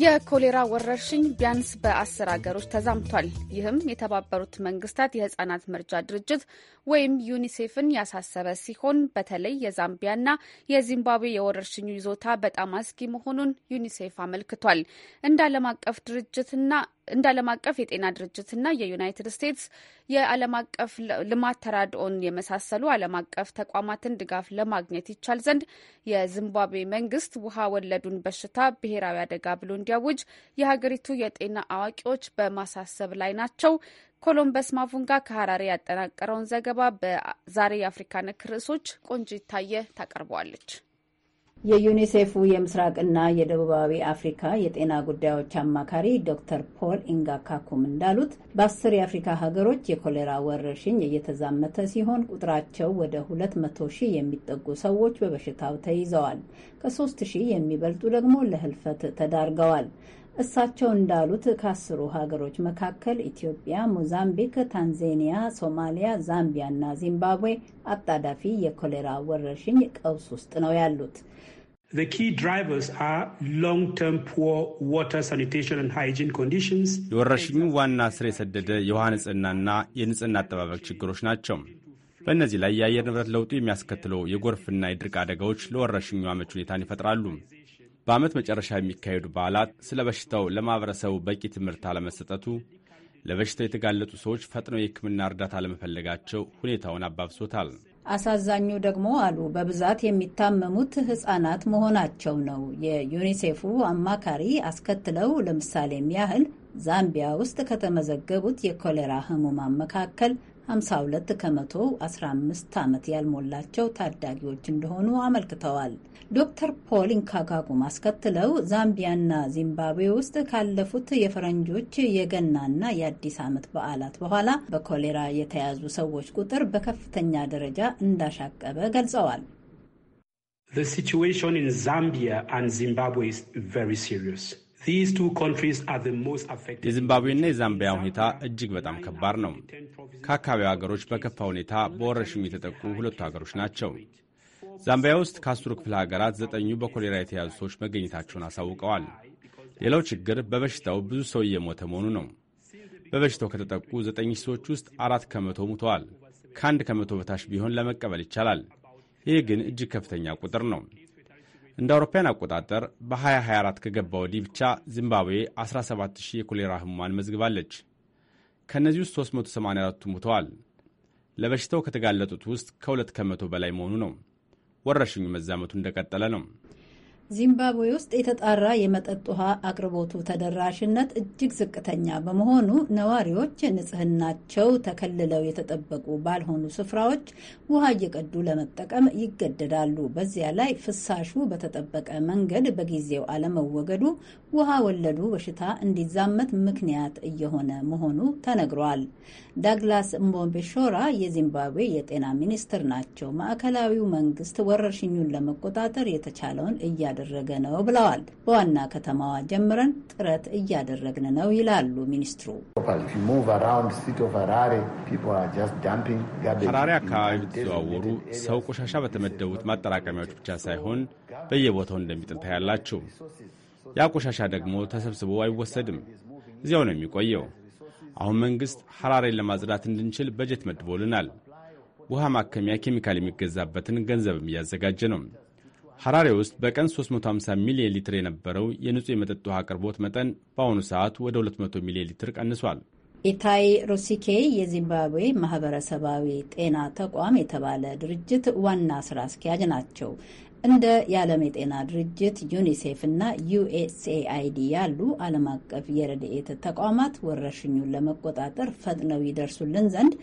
የኮሌራ ወረርሽኝ ቢያንስ በአስር አገሮች ተዛምቷል። ይህም የተባበሩት መንግስታት የህጻናት መርጃ ድርጅት ወይም ዩኒሴፍን ያሳሰበ ሲሆን በተለይ የዛምቢያና የዚምባብዌ የወረርሽኙ ይዞታ በጣም አስጊ መሆኑን ዩኒሴፍ አመልክቷል። እንደ ዓለም አቀፍ ድርጅትና እንደ ዓለም አቀፍ የጤና ድርጅትና የዩናይትድ ስቴትስ የዓለም አቀፍ ልማት ተራድኦን የመሳሰሉ ዓለም አቀፍ ተቋማትን ድጋፍ ለማግኘት ይቻል ዘንድ የዚምባብዌ መንግስት ውሃ ወለዱን በሽታ ብሔራዊ አደጋ ብሎ እንዲያውጅ የሀገሪቱ የጤና አዋቂዎች በማሳሰብ ላይ ናቸው። ኮሎምበስ ማፉንጋ ከሀራሪ ያጠናቀረውን ዘገባ በዛሬ የአፍሪካ ነክ ርዕሶች ቆንጂ ይታየ ታቀርበዋለች። የዩኒሴፉ የምስራቅና የደቡባዊ አፍሪካ የጤና ጉዳዮች አማካሪ ዶክተር ፖል ኢንጋካኩም እንዳሉት በአስር የአፍሪካ ሀገሮች የኮሌራ ወረርሽኝ እየተዛመተ ሲሆን ቁጥራቸው ወደ ሁለት መቶ ሺህ የሚጠጉ ሰዎች በበሽታው ተይዘዋል። ከሶስት ሺህ የሚበልጡ ደግሞ ለህልፈት ተዳርገዋል። እሳቸው እንዳሉት ከአስሩ ሀገሮች መካከል ኢትዮጵያ፣ ሞዛምቢክ፣ ታንዜኒያ፣ ሶማሊያ፣ ዛምቢያ እና ዚምባብዌ አጣዳፊ የኮሌራ ወረርሽኝ ቀውስ ውስጥ ነው ያሉት። The key drivers are long-term poor water sanitation and hygiene conditions. የወረርሽኙ ዋና ስር የሰደደ የውሃ ንጽህናና የንጽህና አጠባበቅ ችግሮች ናቸው። በእነዚህ ላይ የአየር ንብረት ለውጡ የሚያስከትለው የጎርፍና የድርቅ አደጋዎች ለወረርሽኙ አመች ሁኔታን ይፈጥራሉ። በዓመት መጨረሻ የሚካሄዱ በዓላት ስለ በሽታው ለማኅበረሰቡ በቂ ትምህርት አለመሰጠቱ፣ ለበሽታው የተጋለጡ ሰዎች ፈጥነው የሕክምና እርዳታ አለመፈለጋቸው ሁኔታውን አባብሶታል። አሳዛኙ ደግሞ አሉ በብዛት የሚታመሙት ህጻናት መሆናቸው ነው። የዩኒሴፉ አማካሪ አስከትለው ለምሳሌም ያህል ዛምቢያ ውስጥ ከተመዘገቡት የኮሌራ ህሙማን መካከል 52 ከመቶ 15 ዓመት ያልሞላቸው ታዳጊዎች እንደሆኑ አመልክተዋል። ዶክተር ፖል ኢንካጋጉም አስከትለው ዛምቢያና ዚምባብዌ ውስጥ ካለፉት የፈረንጆች የገናና የአዲስ ዓመት በዓላት በኋላ በኮሌራ የተያዙ ሰዎች ቁጥር በከፍተኛ ደረጃ እንዳሻቀበ ገልጸዋል። The situation in Zambia and Zimbabwe is very serious. የዚምባብዌና የዛምቢያ ሁኔታ እጅግ በጣም ከባድ ነው። ከአካባቢው ሀገሮች በከፋ ሁኔታ በወረርሽኙ የተጠቁ ሁለቱ ሀገሮች ናቸው። ዛምቢያ ውስጥ ከአስሩ ክፍለ ሀገራት ዘጠኙ በኮሌራ የተያዙ ሰዎች መገኘታቸውን አሳውቀዋል። ሌላው ችግር በበሽታው ብዙ ሰው እየሞተ መሆኑ ነው። በበሽታው ከተጠቁ ዘጠኝ ሰዎች ውስጥ አራት ከመቶ ሙተዋል። ከአንድ ከመቶ በታች ቢሆን ለመቀበል ይቻላል። ይህ ግን እጅግ ከፍተኛ ቁጥር ነው። እንደ አውሮፓውያን አቆጣጠር በ2024 ከገባ ወዲህ ብቻ ዚምባብዌ 17000 የኮሌራ ህሙማን መዝግባለች። ከእነዚህ ውስጥ 384ቱ ሙተዋል። ለበሽታው ከተጋለጡት ውስጥ ከሁለት ከመቶ በላይ መሆኑ ነው። ወረርሽኙ መዛመቱ እንደቀጠለ ነው። ዚምባብዌ ውስጥ የተጣራ የመጠጥ ውሃ አቅርቦቱ ተደራሽነት እጅግ ዝቅተኛ በመሆኑ ነዋሪዎች ንጽህናቸው ተከልለው የተጠበቁ ባልሆኑ ስፍራዎች ውሃ እየቀዱ ለመጠቀም ይገደዳሉ። በዚያ ላይ ፍሳሹ በተጠበቀ መንገድ በጊዜው አለመወገዱ ውሃ ወለዱ በሽታ እንዲዛመት ምክንያት እየሆነ መሆኑ ተነግሯል። ዳግላስ ምቦምቤሾራ የዚምባብዌ የጤና ሚኒስትር ናቸው። ማዕከላዊው መንግስት ወረርሽኙን ለመቆጣጠር የተቻለውን እያደ እያደረገ ነው ብለዋል። በዋና ከተማዋ ጀምረን ጥረት እያደረግን ነው ይላሉ ሚኒስትሩ። ሐራሪ አካባቢ ብትዘዋወሩ ሰው ቆሻሻ በተመደቡት ማጠራቀሚያዎች ብቻ ሳይሆን በየቦታው እንደሚጥል ታያላችሁ። ያ ቆሻሻ ደግሞ ተሰብስቦ አይወሰድም፣ እዚያው ነው የሚቆየው። አሁን መንግሥት ሐራሬን ለማጽዳት እንድንችል በጀት መድቦልናል። ውሃ ማከሚያ ኬሚካል የሚገዛበትን ገንዘብም እያዘጋጀ ነው። ሐራሬ ውስጥ በቀን 350 ሚሊዮን ሊትር የነበረው የንጹህ የመጠጥ ውሃ አቅርቦት መጠን በአሁኑ ሰዓት ወደ 200 ሚሊዮን ሊትር ቀንሷል። ኢታይ ሮሲኬ የዚምባብዌ ማህበረሰባዊ ጤና ተቋም የተባለ ድርጅት ዋና ስራ አስኪያጅ ናቸው። እንደ የዓለም የጤና ድርጅት ዩኒሴፍ እና ዩኤስኤአይዲ ያሉ ዓለም አቀፍ የረድኤት ተቋማት ወረርሽኙን ለመቆጣጠር ፈጥነው ይደርሱልን ዘንድ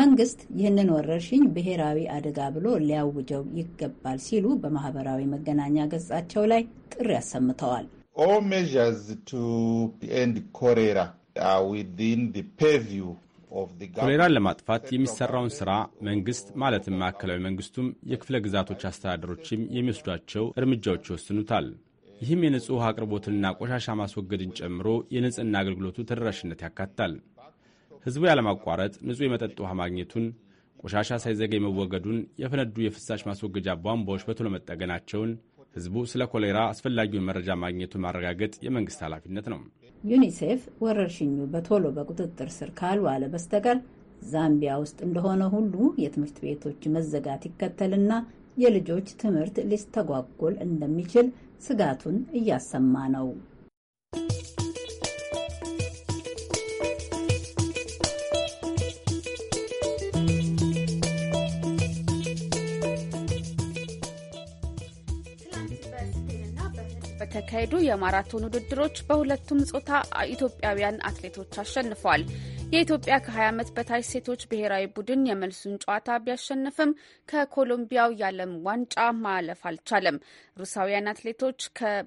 መንግስት ይህንን ወረርሽኝ ብሔራዊ አደጋ ብሎ ሊያውጀው ይገባል ሲሉ በማህበራዊ መገናኛ ገጻቸው ላይ ጥሪ አሰምተዋል። ኦል ሜዠርስ ቱ ኤንድ ኮሌራ ዘ ፐርቪው ኮሌራን ለማጥፋት የሚሰራውን ስራ መንግስት ማለትም ማዕከላዊ መንግስቱም የክፍለ ግዛቶች አስተዳደሮችም የሚወስዷቸው እርምጃዎች ይወስኑታል። ይህም የንጹሕ ውሃ አቅርቦትንና ቆሻሻ ማስወገድን ጨምሮ የንጽህና አገልግሎቱ ተደራሽነት ያካትታል። ሕዝቡ ያለማቋረጥ ንጹሕ የመጠጥ ውሃ ማግኘቱን፣ ቆሻሻ ሳይዘገይ መወገዱን፣ የፈነዱ የፍሳሽ ማስወገጃ ቧንቧዎች በቶሎ መጠገናቸውን፣ ሕዝቡ ስለ ኮሌራ አስፈላጊውን መረጃ ማግኘቱን ማረጋገጥ የመንግሥት ኃላፊነት ነው። ዩኒሴፍ ወረርሽኙ በቶሎ በቁጥጥር ስር ካልዋለ በስተቀር ዛምቢያ ውስጥ እንደሆነ ሁሉ የትምህርት ቤቶች መዘጋት ይከተልና የልጆች ትምህርት ሊስተጓጎል እንደሚችል ስጋቱን እያሰማ ነው። በተካሄዱ የማራቶን ውድድሮች በሁለቱም ጾታ ኢትዮጵያውያን አትሌቶች አሸንፈዋል። የኢትዮጵያ ከ20 ዓመት በታች ሴቶች ብሔራዊ ቡድን የመልሱን ጨዋታ ቢያሸንፍም ከኮሎምቢያው የዓለም ዋንጫ ማለፍ አልቻለም። ሩሳውያን አትሌቶች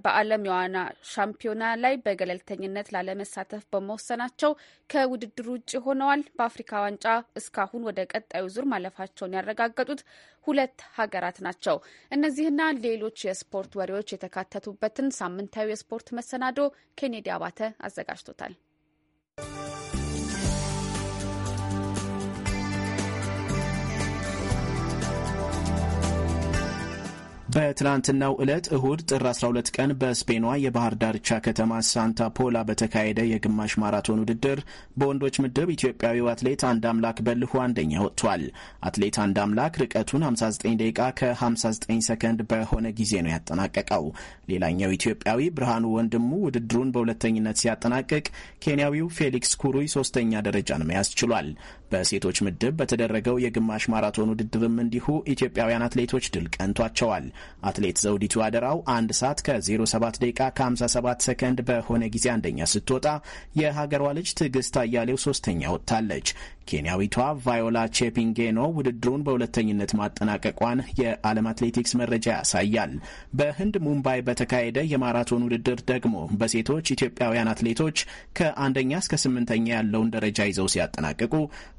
በዓለም የዋና ሻምፒዮና ላይ በገለልተኝነት ላለመሳተፍ በመወሰናቸው ከውድድሩ ውጭ ሆነዋል። በአፍሪካ ዋንጫ እስካሁን ወደ ቀጣዩ ዙር ማለፋቸውን ያረጋገጡት ሁለት ሀገራት ናቸው። እነዚህና ሌሎች የስፖርት ወሬዎች የተካተቱበትን ሳምንታዊ የስፖርት መሰናዶ ኬኔዲ አባተ አዘጋጅቶታል። በትላንትናው ዕለት እሁድ ጥር 12 ቀን በስፔኗ የባህር ዳርቻ ከተማ ሳንታ ፖላ በተካሄደ የግማሽ ማራቶን ውድድር በወንዶች ምድብ ኢትዮጵያዊው አትሌት አንድ አምላክ በልሁ አንደኛ ወጥቷል። አትሌት አንድ አምላክ ርቀቱን 59 ደቂቃ ከ59 ሰከንድ በሆነ ጊዜ ነው ያጠናቀቀው። ሌላኛው ኢትዮጵያዊ ብርሃኑ ወንድሙ ውድድሩን በሁለተኝነት ሲያጠናቅቅ፣ ኬንያዊው ፌሊክስ ኩሩይ ሶስተኛ ደረጃን መያዝ ችሏል። በሴቶች ምድብ በተደረገው የግማሽ ማራቶን ውድድርም እንዲሁ ኢትዮጵያውያን አትሌቶች ድል ቀንቷቸዋል። አትሌት ዘውዲቱ አደራው አንድ ሰዓት ከ07 ደቂቃ ከ57 ሰከንድ በሆነ ጊዜ አንደኛ ስትወጣ የሀገሯ ልጅ ትዕግስት አያሌው ሶስተኛ ወጥታለች። ኬንያዊቷ ቫዮላ ቼፒንጌኖ ውድድሩን በሁለተኝነት ማጠናቀቋን የዓለም አትሌቲክስ መረጃ ያሳያል። በህንድ ሙምባይ በተካሄደ የማራቶን ውድድር ደግሞ በሴቶች ኢትዮጵያውያን አትሌቶች ከአንደኛ እስከ ስምንተኛ ያለውን ደረጃ ይዘው ሲያጠናቅቁ፣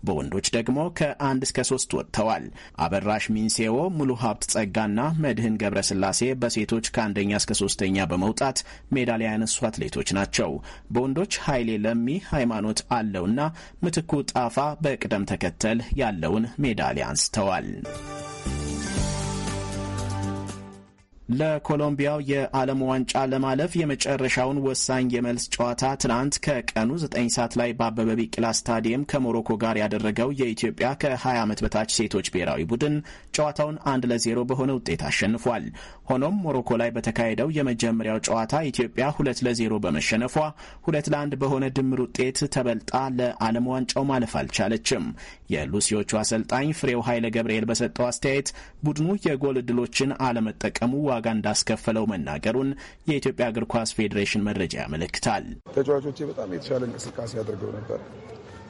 በወንዶች ደግሞ ከአንድ እስከ ሶስት ወጥተዋል። አበራሽ ሚንሴዎ፣ ሙሉ ሀብት ጸጋና መድህን ገብረስላሴ በሴቶች ከአንደኛ እስከ ሶስተኛ በመውጣት ሜዳሊያ ያነሱ አትሌቶች ናቸው። በወንዶች ኃይሌ ለሚ፣ ሃይማኖት አለውና ምትኩ ጣፋ በቅደም ተከተል ያለውን ሜዳሊያ አንስተዋል። ለኮሎምቢያው የዓለም ዋንጫ ለማለፍ የመጨረሻውን ወሳኝ የመልስ ጨዋታ ትናንት ከቀኑ 9 ሰዓት ላይ በአበበ ቢቂላ ስታዲየም ከሞሮኮ ጋር ያደረገው የኢትዮጵያ ከ20 ዓመት በታች ሴቶች ብሔራዊ ቡድን ጨዋታውን አንድ ለዜሮ በሆነ ውጤት አሸንፏል። ሆኖም ሞሮኮ ላይ በተካሄደው የመጀመሪያው ጨዋታ ኢትዮጵያ ሁለት ለዜሮ በመሸነፏ ሁለት ለአንድ በሆነ ድምር ውጤት ተበልጣ ለዓለም ዋንጫው ማለፍ አልቻለችም። የሉሲዎቹ አሰልጣኝ ፍሬው ኃይለ ገብርኤል በሰጠው አስተያየት ቡድኑ የጎል እድሎችን አለመጠቀሙ ዋጋ እንዳስከፈለው መናገሩን የኢትዮጵያ እግር ኳስ ፌዴሬሽን መረጃ ያመለክታል። ተጫዋቾቼ በጣም የተሻለ እንቅስቃሴ አድርገው ነበር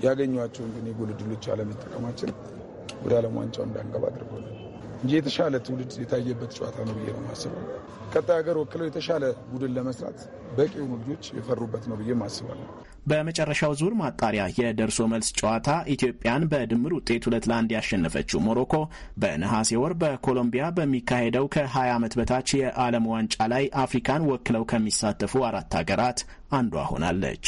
ያገኟቸውን ግን የጎል እድሎች አለመጠቀማችን ወደ ዓለም ዋንጫው እንዳንገባ ነበር። እንጂ የተሻለ ትውልድ የታየበት ጨዋታ ነው ብዬ ነው ማስበው። ቀጣይ ሀገር ወክለው የተሻለ ቡድን ለመስራት በቂ የሆኑ ልጆች የፈሩበት ነው ብዬ ማስባለሁ። በመጨረሻው ዙር ማጣሪያ የደርሶ መልስ ጨዋታ ኢትዮጵያን በድምር ውጤት ሁለት ለአንድ ያሸነፈችው ሞሮኮ በነሐሴ ወር በኮሎምቢያ በሚካሄደው ከ20 ዓመት በታች የዓለም ዋንጫ ላይ አፍሪካን ወክለው ከሚሳተፉ አራት ሀገራት አንዷ ሆናለች።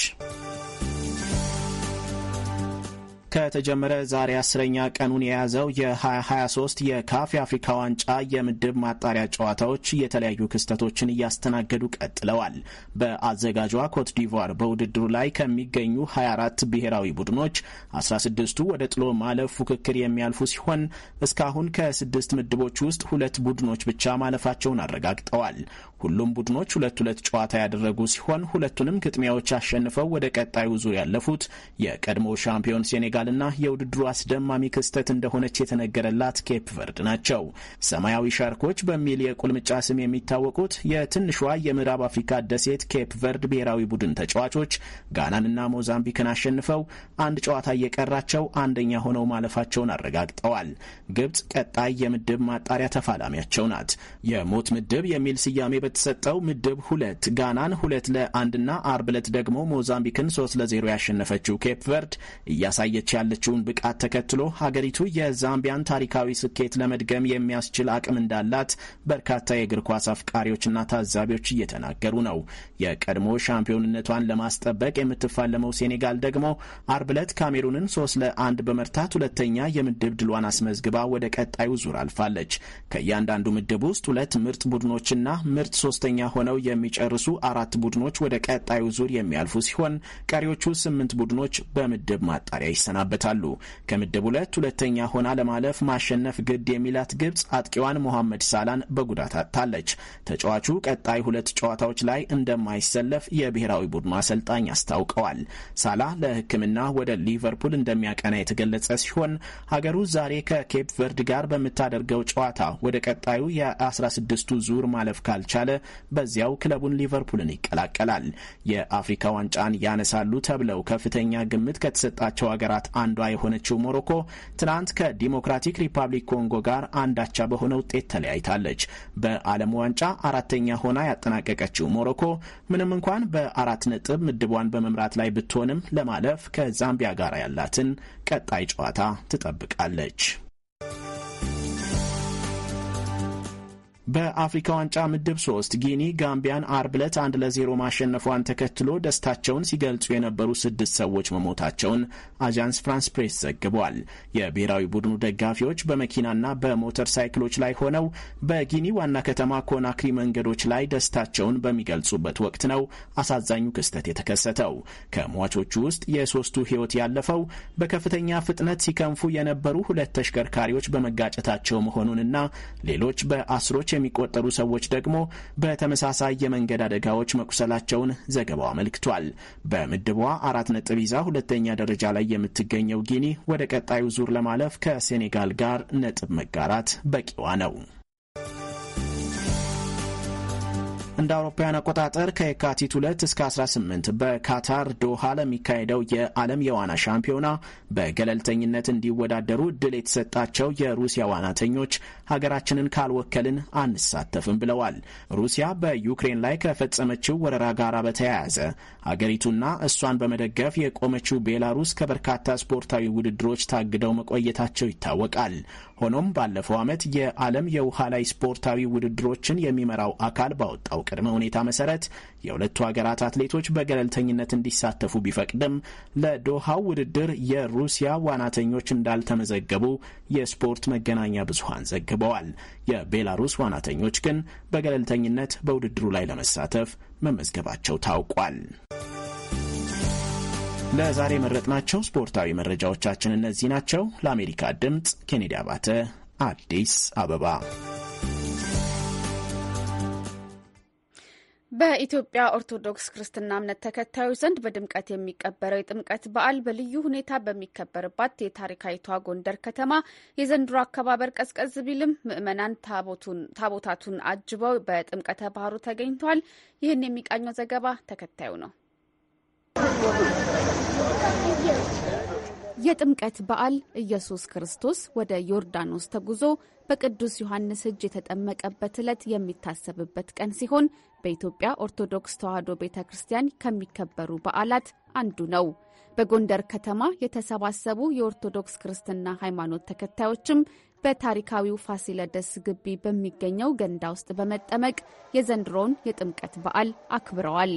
ከተጀመረ ዛሬ አስረኛ ቀኑን የያዘው የ2023 የካፍ የአፍሪካ ዋንጫ የምድብ ማጣሪያ ጨዋታዎች የተለያዩ ክስተቶችን እያስተናገዱ ቀጥለዋል። በአዘጋጇ ኮት ዲቫር በውድድሩ ላይ ከሚገኙ 24 ብሔራዊ ቡድኖች 16ቱ ወደ ጥሎ ማለፍ ፉክክር የሚያልፉ ሲሆን እስካሁን ከስድስት ምድቦች ውስጥ ሁለት ቡድኖች ብቻ ማለፋቸውን አረጋግጠዋል። ሁሉም ቡድኖች ሁለት ሁለት ጨዋታ ያደረጉ ሲሆን ሁለቱንም ግጥሚያዎች አሸንፈው ወደ ቀጣዩ ዙር ያለፉት የቀድሞ ሻምፒዮን ሴኔጋልና የውድድሩ አስደማሚ ክስተት እንደሆነች የተነገረላት ኬፕ ቨርድ ናቸው። ሰማያዊ ሻርኮች በሚል የቁልምጫ ስም የሚታወቁት የትንሿ የምዕራብ አፍሪካ ደሴት ኬፕ ቨርድ ብሔራዊ ቡድን ተጫዋቾች ጋናንና ሞዛምቢክን አሸንፈው አንድ ጨዋታ እየቀራቸው አንደኛ ሆነው ማለፋቸውን አረጋግጠዋል። ግብጽ ቀጣይ የምድብ ማጣሪያ ተፋላሚያቸው ናት። የሞት ምድብ የሚል ስያሜ በተሰጠው ምድብ ሁለት ጋናን ሁለት ለአንድና አርብ ዕለት ደግሞ ሞዛምቢክን ሶስት ለዜሮ ያሸነፈችው ኬፕ ቨርድ እያሳየች ያለችውን ብቃት ተከትሎ ሀገሪቱ የዛምቢያን ታሪካዊ ስኬት ለመድገም የሚያስችል አቅም እንዳላት በርካታ የእግር ኳስ አፍቃሪዎችና ታዛቢዎች እየተናገሩ ነው። የቀድሞ ሻምፒዮንነቷን ለማስጠበቅ የምትፋለመው ሴኔጋል ደግሞ አርብ ዕለት ካሜሩንን ሶስት ለአንድ በመርታት ሁለተኛ የምድብ ድሏን አስመዝግባ ወደ ቀጣዩ ዙር አልፋለች። ከእያንዳንዱ ምድብ ውስጥ ሁለት ምርጥ ቡድኖችና ምርጥ ሶስተኛ ሆነው የሚጨርሱ አራት ቡድኖች ወደ ቀጣዩ ዙር የሚያልፉ ሲሆን ቀሪዎቹ ስምንት ቡድኖች በምድብ ማጣሪያ ይሰናበታሉ። ከምድብ ሁለት ሁለተኛ ሆና ለማለፍ ማሸነፍ ግድ የሚላት ግብጽ አጥቂዋን ሞሐመድ ሳላን በጉዳት አጥታለች። ተጫዋቹ ቀጣይ ሁለት ጨዋታዎች ላይ እንደማይሰለፍ የብሔራዊ ቡድኑ አሰልጣኝ አስታውቀዋል። ሳላ ለሕክምና ወደ ሊቨርፑል እንደሚያቀና የተገለጸ ሲሆን ሀገሩ ዛሬ ከኬፕ ቨርድ ጋር በምታደርገው ጨዋታ ወደ ቀጣዩ የ16ቱ ዙር ማለፍ ካልቻለ ከቻለ በዚያው ክለቡን ሊቨርፑልን ይቀላቀላል። የአፍሪካ ዋንጫን ያነሳሉ ተብለው ከፍተኛ ግምት ከተሰጣቸው ሀገራት አንዷ የሆነችው ሞሮኮ ትናንት ከዲሞክራቲክ ሪፐብሊክ ኮንጎ ጋር አንዳቻ በሆነ ውጤት ተለያይታለች። በዓለም ዋንጫ አራተኛ ሆና ያጠናቀቀችው ሞሮኮ ምንም እንኳን በአራት ነጥብ ምድቧን በመምራት ላይ ብትሆንም ለማለፍ ከዛምቢያ ጋር ያላትን ቀጣይ ጨዋታ ትጠብቃለች። በአፍሪካ ዋንጫ ምድብ ሶስት ጊኒ ጋምቢያን አርብ ዕለት አንድ ለዜሮ ማሸነፏን ተከትሎ ደስታቸውን ሲገልጹ የነበሩ ስድስት ሰዎች መሞታቸውን አጃንስ ፍራንስ ፕሬስ ዘግቧል። የብሔራዊ ቡድኑ ደጋፊዎች በመኪናና በሞተር ሳይክሎች ላይ ሆነው በጊኒ ዋና ከተማ ኮናክሪ መንገዶች ላይ ደስታቸውን በሚገልጹበት ወቅት ነው አሳዛኙ ክስተት የተከሰተው። ከሟቾቹ ውስጥ የሶስቱ ሕይወት ያለፈው በከፍተኛ ፍጥነት ሲከንፉ የነበሩ ሁለት ተሽከርካሪዎች በመጋጨታቸው መሆኑንና ሌሎች በአስሮች የሚቆጠሩ ሰዎች ደግሞ በተመሳሳይ የመንገድ አደጋዎች መቁሰላቸውን ዘገባው አመልክቷል። በምድቧ አራት ነጥብ ይዛ ሁለተኛ ደረጃ ላይ የምትገኘው ጊኒ ወደ ቀጣዩ ዙር ለማለፍ ከሴኔጋል ጋር ነጥብ መጋራት በቂዋ ነው። እንደ አውሮፓውያን አቆጣጠር ከየካቲት 2 እስከ 18 በካታር ዶሃ ለሚካሄደው የዓለም የዋና ሻምፒዮና በገለልተኝነት እንዲወዳደሩ እድል የተሰጣቸው የሩሲያ ዋናተኞች ሀገራችንን ካልወከልን አንሳተፍም ብለዋል። ሩሲያ በዩክሬን ላይ ከፈጸመችው ወረራ ጋር በተያያዘ ሀገሪቱና እሷን በመደገፍ የቆመችው ቤላሩስ ከበርካታ ስፖርታዊ ውድድሮች ታግደው መቆየታቸው ይታወቃል። ሆኖም ባለፈው ዓመት የዓለም የውሃ ላይ ስፖርታዊ ውድድሮችን የሚመራው አካል ባወጣው ቅድመ ሁኔታ መሰረት የሁለቱ ሀገራት አትሌቶች በገለልተኝነት እንዲሳተፉ ቢፈቅድም ለዶሃው ውድድር የሩሲያ ዋናተኞች እንዳልተመዘገቡ የስፖርት መገናኛ ብዙሀን ዘግበዋል። የቤላሩስ ዋናተኞች ግን በገለልተኝነት በውድድሩ ላይ ለመሳተፍ መመዝገባቸው ታውቋል። ለዛሬ መረጥናቸው ስፖርታዊ መረጃዎቻችን እነዚህ ናቸው። ለአሜሪካ ድምፅ ኬኔዲ አባተ፣ አዲስ አበባ። በኢትዮጵያ ኦርቶዶክስ ክርስትና እምነት ተከታዮች ዘንድ በድምቀት የሚቀበረው የጥምቀት በዓል በልዩ ሁኔታ በሚከበርባት የታሪካዊቷ ጎንደር ከተማ የዘንድሮ አከባበር ቀዝቀዝ ቢልም ምዕመናን ታቦታቱን አጅበው በጥምቀተ ባህሩ ተገኝተዋል። ይህን የሚቃኘው ዘገባ ተከታዩ ነው። የጥምቀት በዓል ኢየሱስ ክርስቶስ ወደ ዮርዳኖስ ተጉዞ በቅዱስ ዮሐንስ እጅ የተጠመቀበት ዕለት የሚታሰብበት ቀን ሲሆን በኢትዮጵያ ኦርቶዶክስ ተዋሕዶ ቤተ ክርስቲያን ከሚከበሩ በዓላት አንዱ ነው። በጎንደር ከተማ የተሰባሰቡ የኦርቶዶክስ ክርስትና ሃይማኖት ተከታዮችም በታሪካዊው ፋሲለደስ ግቢ በሚገኘው ገንዳ ውስጥ በመጠመቅ የዘንድሮውን የጥምቀት በዓል አክብረዋል።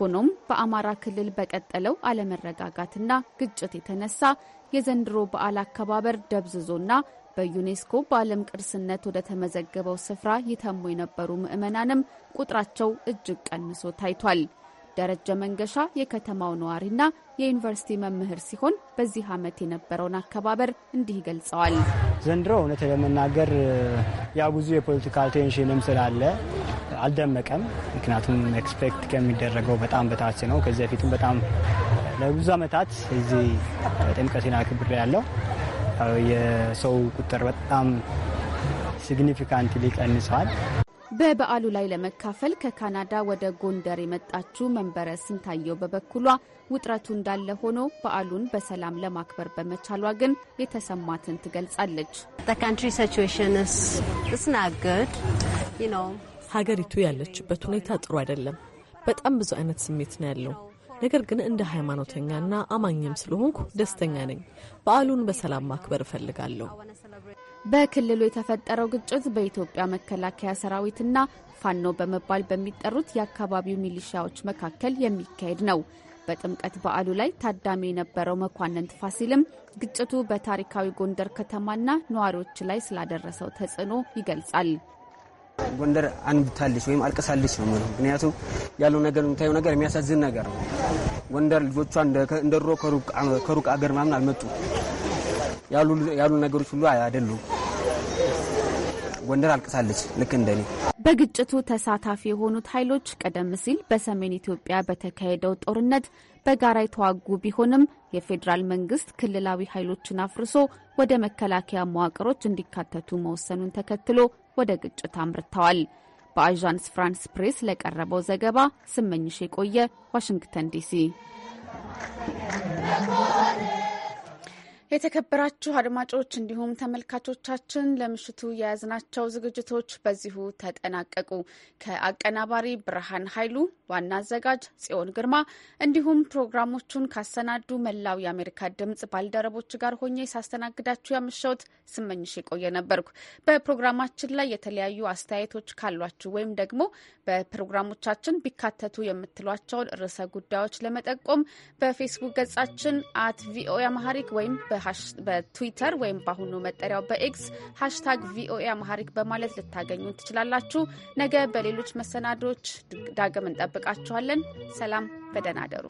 ሆኖም በአማራ ክልል በቀጠለው አለመረጋጋትና ግጭት የተነሳ የዘንድሮ በዓል አከባበር ደብዝዞና በዩኔስኮ በዓለም ቅርስነት ወደ ተመዘገበው ስፍራ ይተሙ የነበሩ ምዕመናንም ቁጥራቸው እጅግ ቀንሶ ታይቷል። ደረጀ መንገሻ የከተማው ነዋሪና የዩኒቨርሲቲ መምህር ሲሆን በዚህ ዓመት የነበረውን አከባበር እንዲህ ይገልጸዋል። ዘንድሮ እውነት ለመናገር ያ ብዙ የፖለቲካል ቴንሽንም ስላለ አልደመቀም። ምክንያቱም ኤክስፔክት ከሚደረገው በጣም በታች ነው። ከዚህ በፊትም በጣም ለብዙ ዓመታት እዚህ ጥምቀቴና ክብር ያለው የሰው ቁጥር በጣም ሲግኒፊካንት ሊቀንሰዋል። በበዓሉ ላይ ለመካፈል ከካናዳ ወደ ጎንደር የመጣችው መንበረ ስንታየው በበኩሏ ውጥረቱ እንዳለ ሆኖ በዓሉን በሰላም ለማክበር በመቻሏ ግን የተሰማትን ትገልጻለች። ሀገሪቱ ያለችበት ሁኔታ ጥሩ አይደለም። በጣም ብዙ አይነት ስሜት ነው ያለው። ነገር ግን እንደ ሃይማኖተኛና አማኝም ስለሆንኩ ደስተኛ ነኝ። በዓሉን በሰላም ማክበር እፈልጋለሁ። በክልሉ የተፈጠረው ግጭት በኢትዮጵያ መከላከያ ሰራዊትና ፋኖ በመባል በሚጠሩት የአካባቢው ሚሊሻዎች መካከል የሚካሄድ ነው። በጥምቀት በዓሉ ላይ ታዳሚ የነበረው መኳንንት ፋሲልም ግጭቱ በታሪካዊ ጎንደር ከተማና ነዋሪዎች ላይ ስላደረሰው ተጽዕኖ ይገልጻል። ጎንደር አንብታለች ወይም አልቀሳለች ነው የምለው። ምክንያቱም ያለው ነገር የምታየው ነገር የሚያሳዝን ነገር ነው። ጎንደር ልጆቿ እንደ ድሮ ከሩቅ አገር ምናምን አልመጡ ያሉ ነገሮች ሁሉ አይደሉም። ጎንደር አልቅሳለች ልክ እንደኔ በግጭቱ ተሳታፊ የሆኑት ኃይሎች ቀደም ሲል በሰሜን ኢትዮጵያ በተካሄደው ጦርነት በጋራ የተዋጉ ቢሆንም የፌዴራል መንግስት ክልላዊ ኃይሎችን አፍርሶ ወደ መከላከያ መዋቅሮች እንዲካተቱ መወሰኑን ተከትሎ ወደ ግጭት አምርተዋል። በአዣንስ ፍራንስ ፕሬስ ለቀረበው ዘገባ ስመኝሽ የቆየ ዋሽንግተን ዲሲ የተከበራችሁ አድማጮች እንዲሁም ተመልካቾቻችን ለምሽቱ የያዝናቸው ዝግጅቶች በዚሁ ተጠናቀቁ። ከአቀናባሪ ብርሃን ኃይሉ፣ ዋና አዘጋጅ ጽዮን ግርማ እንዲሁም ፕሮግራሞቹን ካሰናዱ መላው የአሜሪካ ድምጽ ባልደረቦች ጋር ሆኜ ሳስተናግዳችሁ ያመሸሁት ስመኝሽ የቆየ ነበርኩ። በፕሮግራማችን ላይ የተለያዩ አስተያየቶች ካሏችሁ ወይም ደግሞ በፕሮግራሞቻችን ቢካተቱ የምትሏቸውን ርዕሰ ጉዳዮች ለመጠቆም በፌስቡክ ገጻችን አት ቪኦኤ አማሃሪክ ወይም በ በትዊተር ወይም በአሁኑ መጠሪያው በኤክስ ሃሽታግ ቪኦኤ አማሃሪክ በማለት ልታገኙ ትችላላችሁ። ነገ በሌሎች መሰናዶች ዳግም እንጠብቃችኋለን። ሰላም፣ በደህና አደሩ።